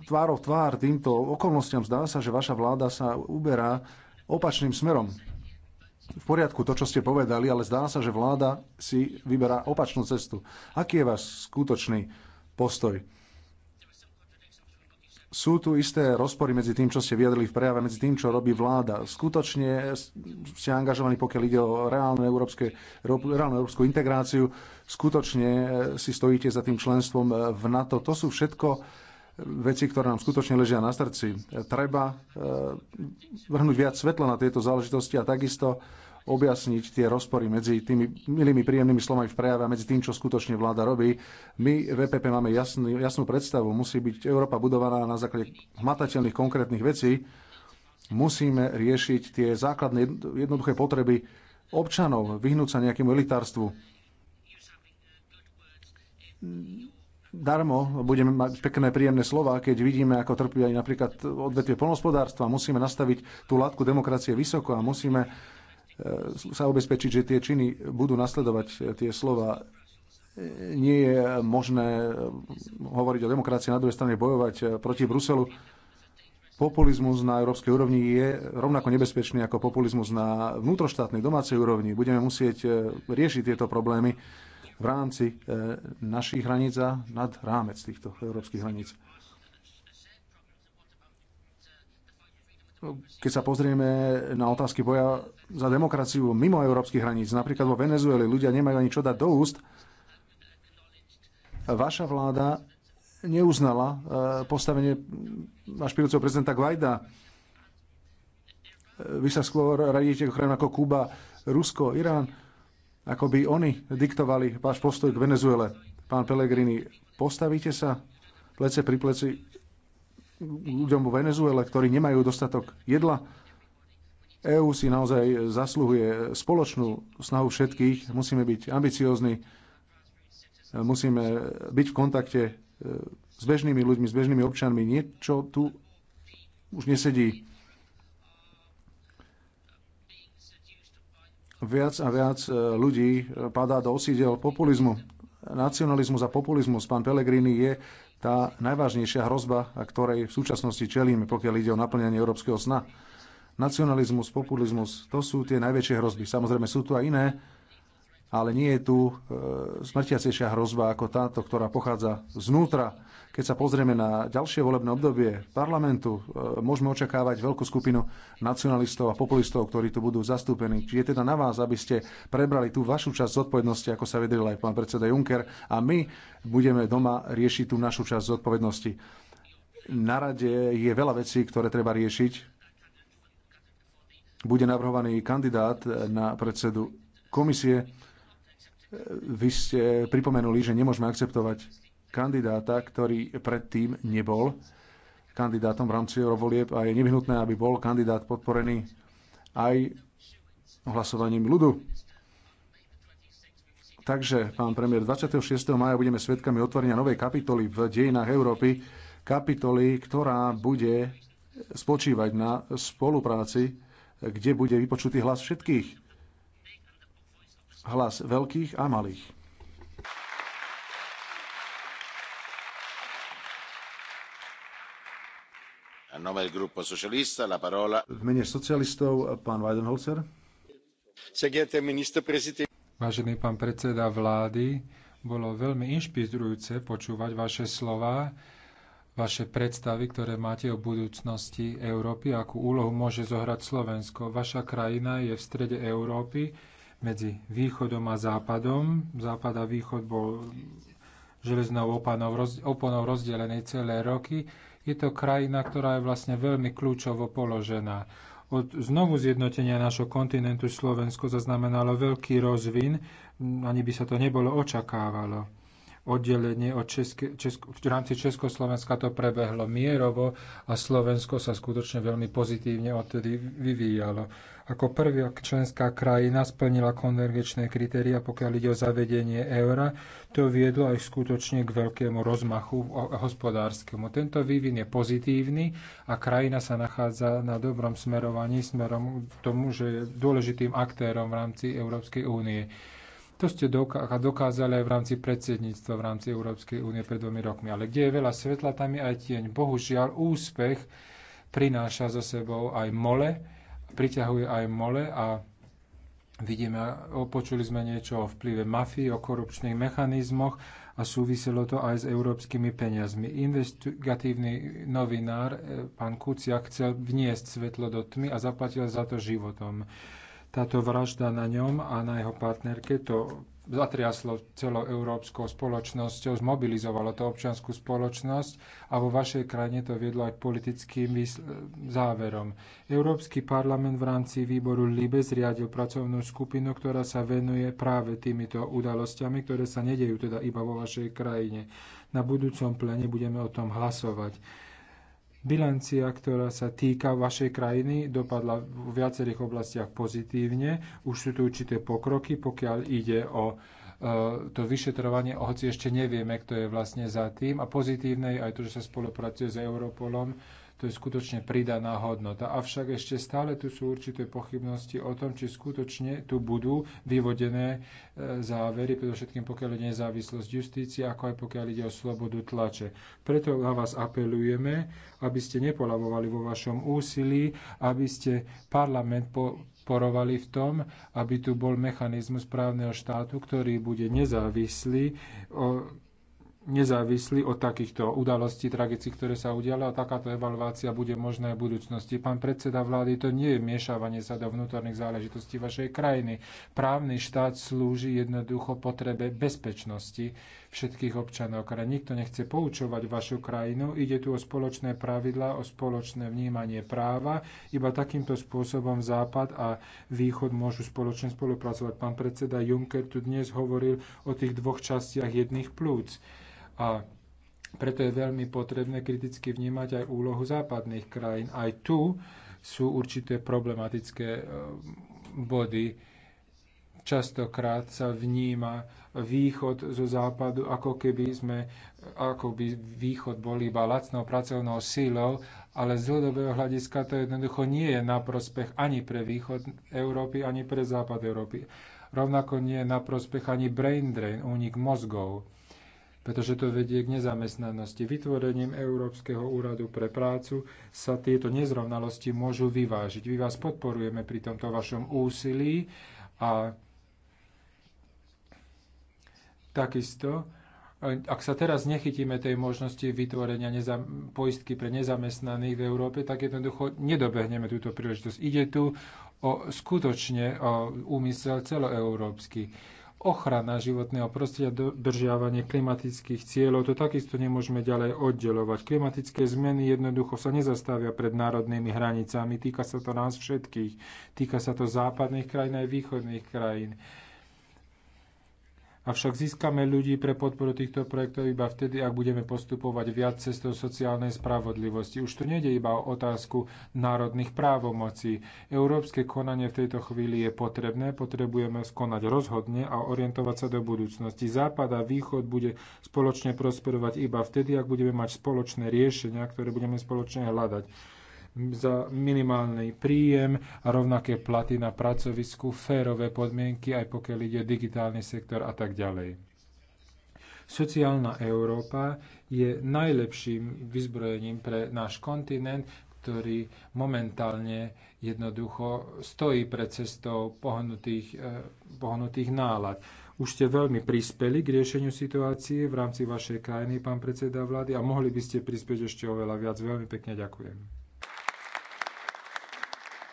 tvárov tvár týmto okolnostiam zdá sa, že vaša vláda sa uberá opačným smerom v poriadku to, čo ste povedali, ale zdá sa, že vláda si vyberá opačnú cestu. Aký je váš skutočný postoj? Sú tu isté rozpory medzi tým, čo ste vyjadrili v prejave, medzi tým, čo robí vláda. Skutočne ste angažovaní, pokiaľ ide o reálnu, európske, reálnu európsku integráciu. Skutočne si stojíte za tým členstvom v NATO. To sú všetko veci, ktoré nám skutočne ležia na srdci. Treba e, vrhnúť viac svetla na tieto záležitosti a takisto objasniť tie rozpory medzi tými milými príjemnými slovami v prejave a medzi tým, čo skutočne vláda robí. My v EPP máme jasný, jasnú predstavu. Musí byť Európa budovaná na základe hmatateľných konkrétnych vecí. Musíme riešiť tie základné jednoduché potreby občanov, vyhnúť sa nejakému elitárstvu darmo budeme mať pekné, príjemné slova, keď vidíme, ako trpí aj napríklad odvetvie polnospodárstva. Musíme nastaviť tú látku demokracie vysoko a musíme e, sa ubezpečiť, že tie činy budú nasledovať e, tie slova. E, nie je možné hovoriť o demokracii, na druhej strane bojovať proti Bruselu. Populizmus na európskej úrovni je rovnako nebezpečný ako populizmus na vnútroštátnej domácej úrovni. Budeme musieť riešiť tieto problémy v rámci e, našich hraníc a nad rámec týchto európskych hraníc. Keď sa pozrieme na otázky boja za demokraciu mimo európskych hraníc, napríklad vo Venezuele ľudia nemajú ani čo dať do úst, vaša vláda neuznala e, postavenie špirúceho prezidenta Guaida. Vy sa skôr radíte ako Kuba, Rusko, Irán ako by oni diktovali váš postoj k Venezuele. Pán Pellegrini, postavíte sa plece pri pleci ľuďom vo Venezuele, ktorí nemajú dostatok jedla. EÚ si naozaj zasluhuje spoločnú snahu všetkých. Musíme byť ambiciózni, musíme byť v kontakte e, s bežnými ľuďmi, s bežnými občanmi. Niečo tu už nesedí. viac a viac e, ľudí e, padá do osídel populizmu. Nacionalizmus a populizmus, pán Pellegrini, je tá najvážnejšia hrozba, a ktorej v súčasnosti čelíme, pokiaľ ide o naplňanie európskeho sna. Nacionalizmus, populizmus, to sú tie najväčšie hrozby. Samozrejme sú tu aj iné, ale nie je tu e, smrtiacejšia hrozba ako táto, ktorá pochádza znútra keď sa pozrieme na ďalšie volebné obdobie parlamentu, e, môžeme očakávať veľkú skupinu nacionalistov a populistov, ktorí tu budú zastúpení. Čiže je teda na vás, aby ste prebrali tú vašu časť zodpovednosti, ako sa vedel aj pán predseda Juncker, a my budeme doma riešiť tú našu časť zodpovednosti. Na rade je veľa vecí, ktoré treba riešiť. Bude navrhovaný kandidát na predsedu komisie. E, vy ste pripomenuli, že nemôžeme akceptovať kandidáta, ktorý predtým nebol kandidátom v rámci eurovolieb a je nevyhnutné, aby bol kandidát podporený aj hlasovaním ľudu. Takže, pán premiér, 26. maja budeme svedkami otvorenia novej kapitoly v dejinách Európy, kapitoly, ktorá bude spočívať na spolupráci, kde bude vypočutý hlas všetkých. Hlas veľkých a malých. v pán Vážený pán predseda vlády, bolo veľmi inšpirujúce počúvať vaše slova, vaše predstavy, ktoré máte o budúcnosti Európy, akú úlohu môže zohrať Slovensko. Vaša krajina je v strede Európy medzi východom a západom. Západ a východ bol železnou oponou, oponou rozdelený celé roky je to krajina, ktorá je vlastne veľmi kľúčovo položená. Od znovu zjednotenia našho kontinentu Slovensko zaznamenalo veľký rozvin, ani by sa to nebolo očakávalo oddelenie od Česky, Česko, v rámci Československa to prebehlo mierovo a Slovensko sa skutočne veľmi pozitívne odtedy vyvíjalo. Ako prvá členská krajina splnila konvergečné kritéria, pokiaľ ide o zavedenie eura, to viedlo aj skutočne k veľkému rozmachu hospodárskemu. Tento vývin je pozitívny a krajina sa nachádza na dobrom smerovaní smerom k tomu, že je dôležitým aktérom v rámci Európskej únie. To ste dokázali aj v rámci predsedníctva v rámci Európskej únie pred dvomi rokmi. Ale kde je veľa svetla, tam je aj tieň. Bohužiaľ, úspech prináša so sebou aj mole, priťahuje aj mole a vidíme, počuli sme niečo o vplyve mafii, o korupčných mechanizmoch a súviselo to aj s európskymi peniazmi. Investigatívny novinár, e, pán Kuciak, chcel vniesť svetlo do tmy a zaplatil za to životom. Táto vražda na ňom a na jeho partnerke to zatriaslo celou európskou spoločnosťou, zmobilizovalo to občianskú spoločnosť a vo vašej krajine to viedlo aj k politickým záverom. Európsky parlament v rámci výboru LIBE zriadil pracovnú skupinu, ktorá sa venuje práve týmito udalosťami, ktoré sa nedejú teda iba vo vašej krajine. Na budúcom plene budeme o tom hlasovať. Bilancia, ktorá sa týka vašej krajiny, dopadla v viacerých oblastiach pozitívne. Už sú tu určité pokroky, pokiaľ ide o e, to vyšetrovanie, hoci ešte nevieme, kto je vlastne za tým. A pozitívne je aj to, že sa spolupracuje s Europolom to je skutočne pridaná hodnota. Avšak ešte stále tu sú určité pochybnosti o tom, či skutočne tu budú vyvodené e, závery, predovšetkým pokiaľ ide nezávislosť justície, ako aj pokiaľ ide o slobodu tlače. Preto na vás apelujeme, aby ste nepolavovali vo vašom úsilí, aby ste parlament po porovali v tom, aby tu bol mechanizmus právneho štátu, ktorý bude nezávislý nezávislí od takýchto udalostí tragických, ktoré sa udiali a takáto evaluácia bude možná aj v budúcnosti. Pán predseda vlády, to nie je miešavanie sa do vnútorných záležitostí vašej krajiny. Právny štát slúži jednoducho potrebe bezpečnosti všetkých občanov. Ktoré nikto nechce poučovať vašu krajinu, ide tu o spoločné pravidlá, o spoločné vnímanie práva. Iba takýmto spôsobom Západ a Východ môžu spoločne spolupracovať. Pán predseda Juncker tu dnes hovoril o tých dvoch častiach jedných plúc. A preto je veľmi potrebné kriticky vnímať aj úlohu západných krajín. Aj tu sú určité problematické e, body. Častokrát sa vníma východ zo západu, ako keby sme, ako by východ bol iba lacnou pracovnou síľou, ale z dlhodobého hľadiska to jednoducho nie je na prospech ani pre východ Európy, ani pre západ Európy. Rovnako nie je na prospech ani brain drain, únik mozgov pretože to vedie k nezamestnanosti. Vytvorením Európskeho úradu pre prácu sa tieto nezrovnalosti môžu vyvážiť. My vás podporujeme pri tomto vašom úsilí a takisto ak sa teraz nechytíme tej možnosti vytvorenia nezam- poistky pre nezamestnaných v Európe, tak jednoducho nedobehneme túto príležitosť. Ide tu o, skutočne o úmysel celoeurópsky ochrana životného prostredia, dodržiavanie klimatických cieľov, to takisto nemôžeme ďalej oddelovať. Klimatické zmeny jednoducho sa nezastavia pred národnými hranicami, týka sa to nás všetkých, týka sa to západných krajín aj východných krajín. Avšak získame ľudí pre podporu týchto projektov iba vtedy, ak budeme postupovať viac cestou sociálnej spravodlivosti. Už tu nejde iba o otázku národných právomocí. Európske konanie v tejto chvíli je potrebné, potrebujeme skonať rozhodne a orientovať sa do budúcnosti. Západ a východ bude spoločne prosperovať iba vtedy, ak budeme mať spoločné riešenia, ktoré budeme spoločne hľadať za minimálny príjem a rovnaké platy na pracovisku, férové podmienky, aj pokiaľ ide digitálny sektor a tak ďalej. Sociálna Európa je najlepším vyzbrojením pre náš kontinent, ktorý momentálne jednoducho stojí pred cestou pohnutých, eh, pohnutých nálad. Už ste veľmi prispeli k riešeniu situácie v rámci vašej krajiny, pán predseda vlády, a mohli by ste prispieť ešte oveľa viac. Veľmi pekne ďakujem.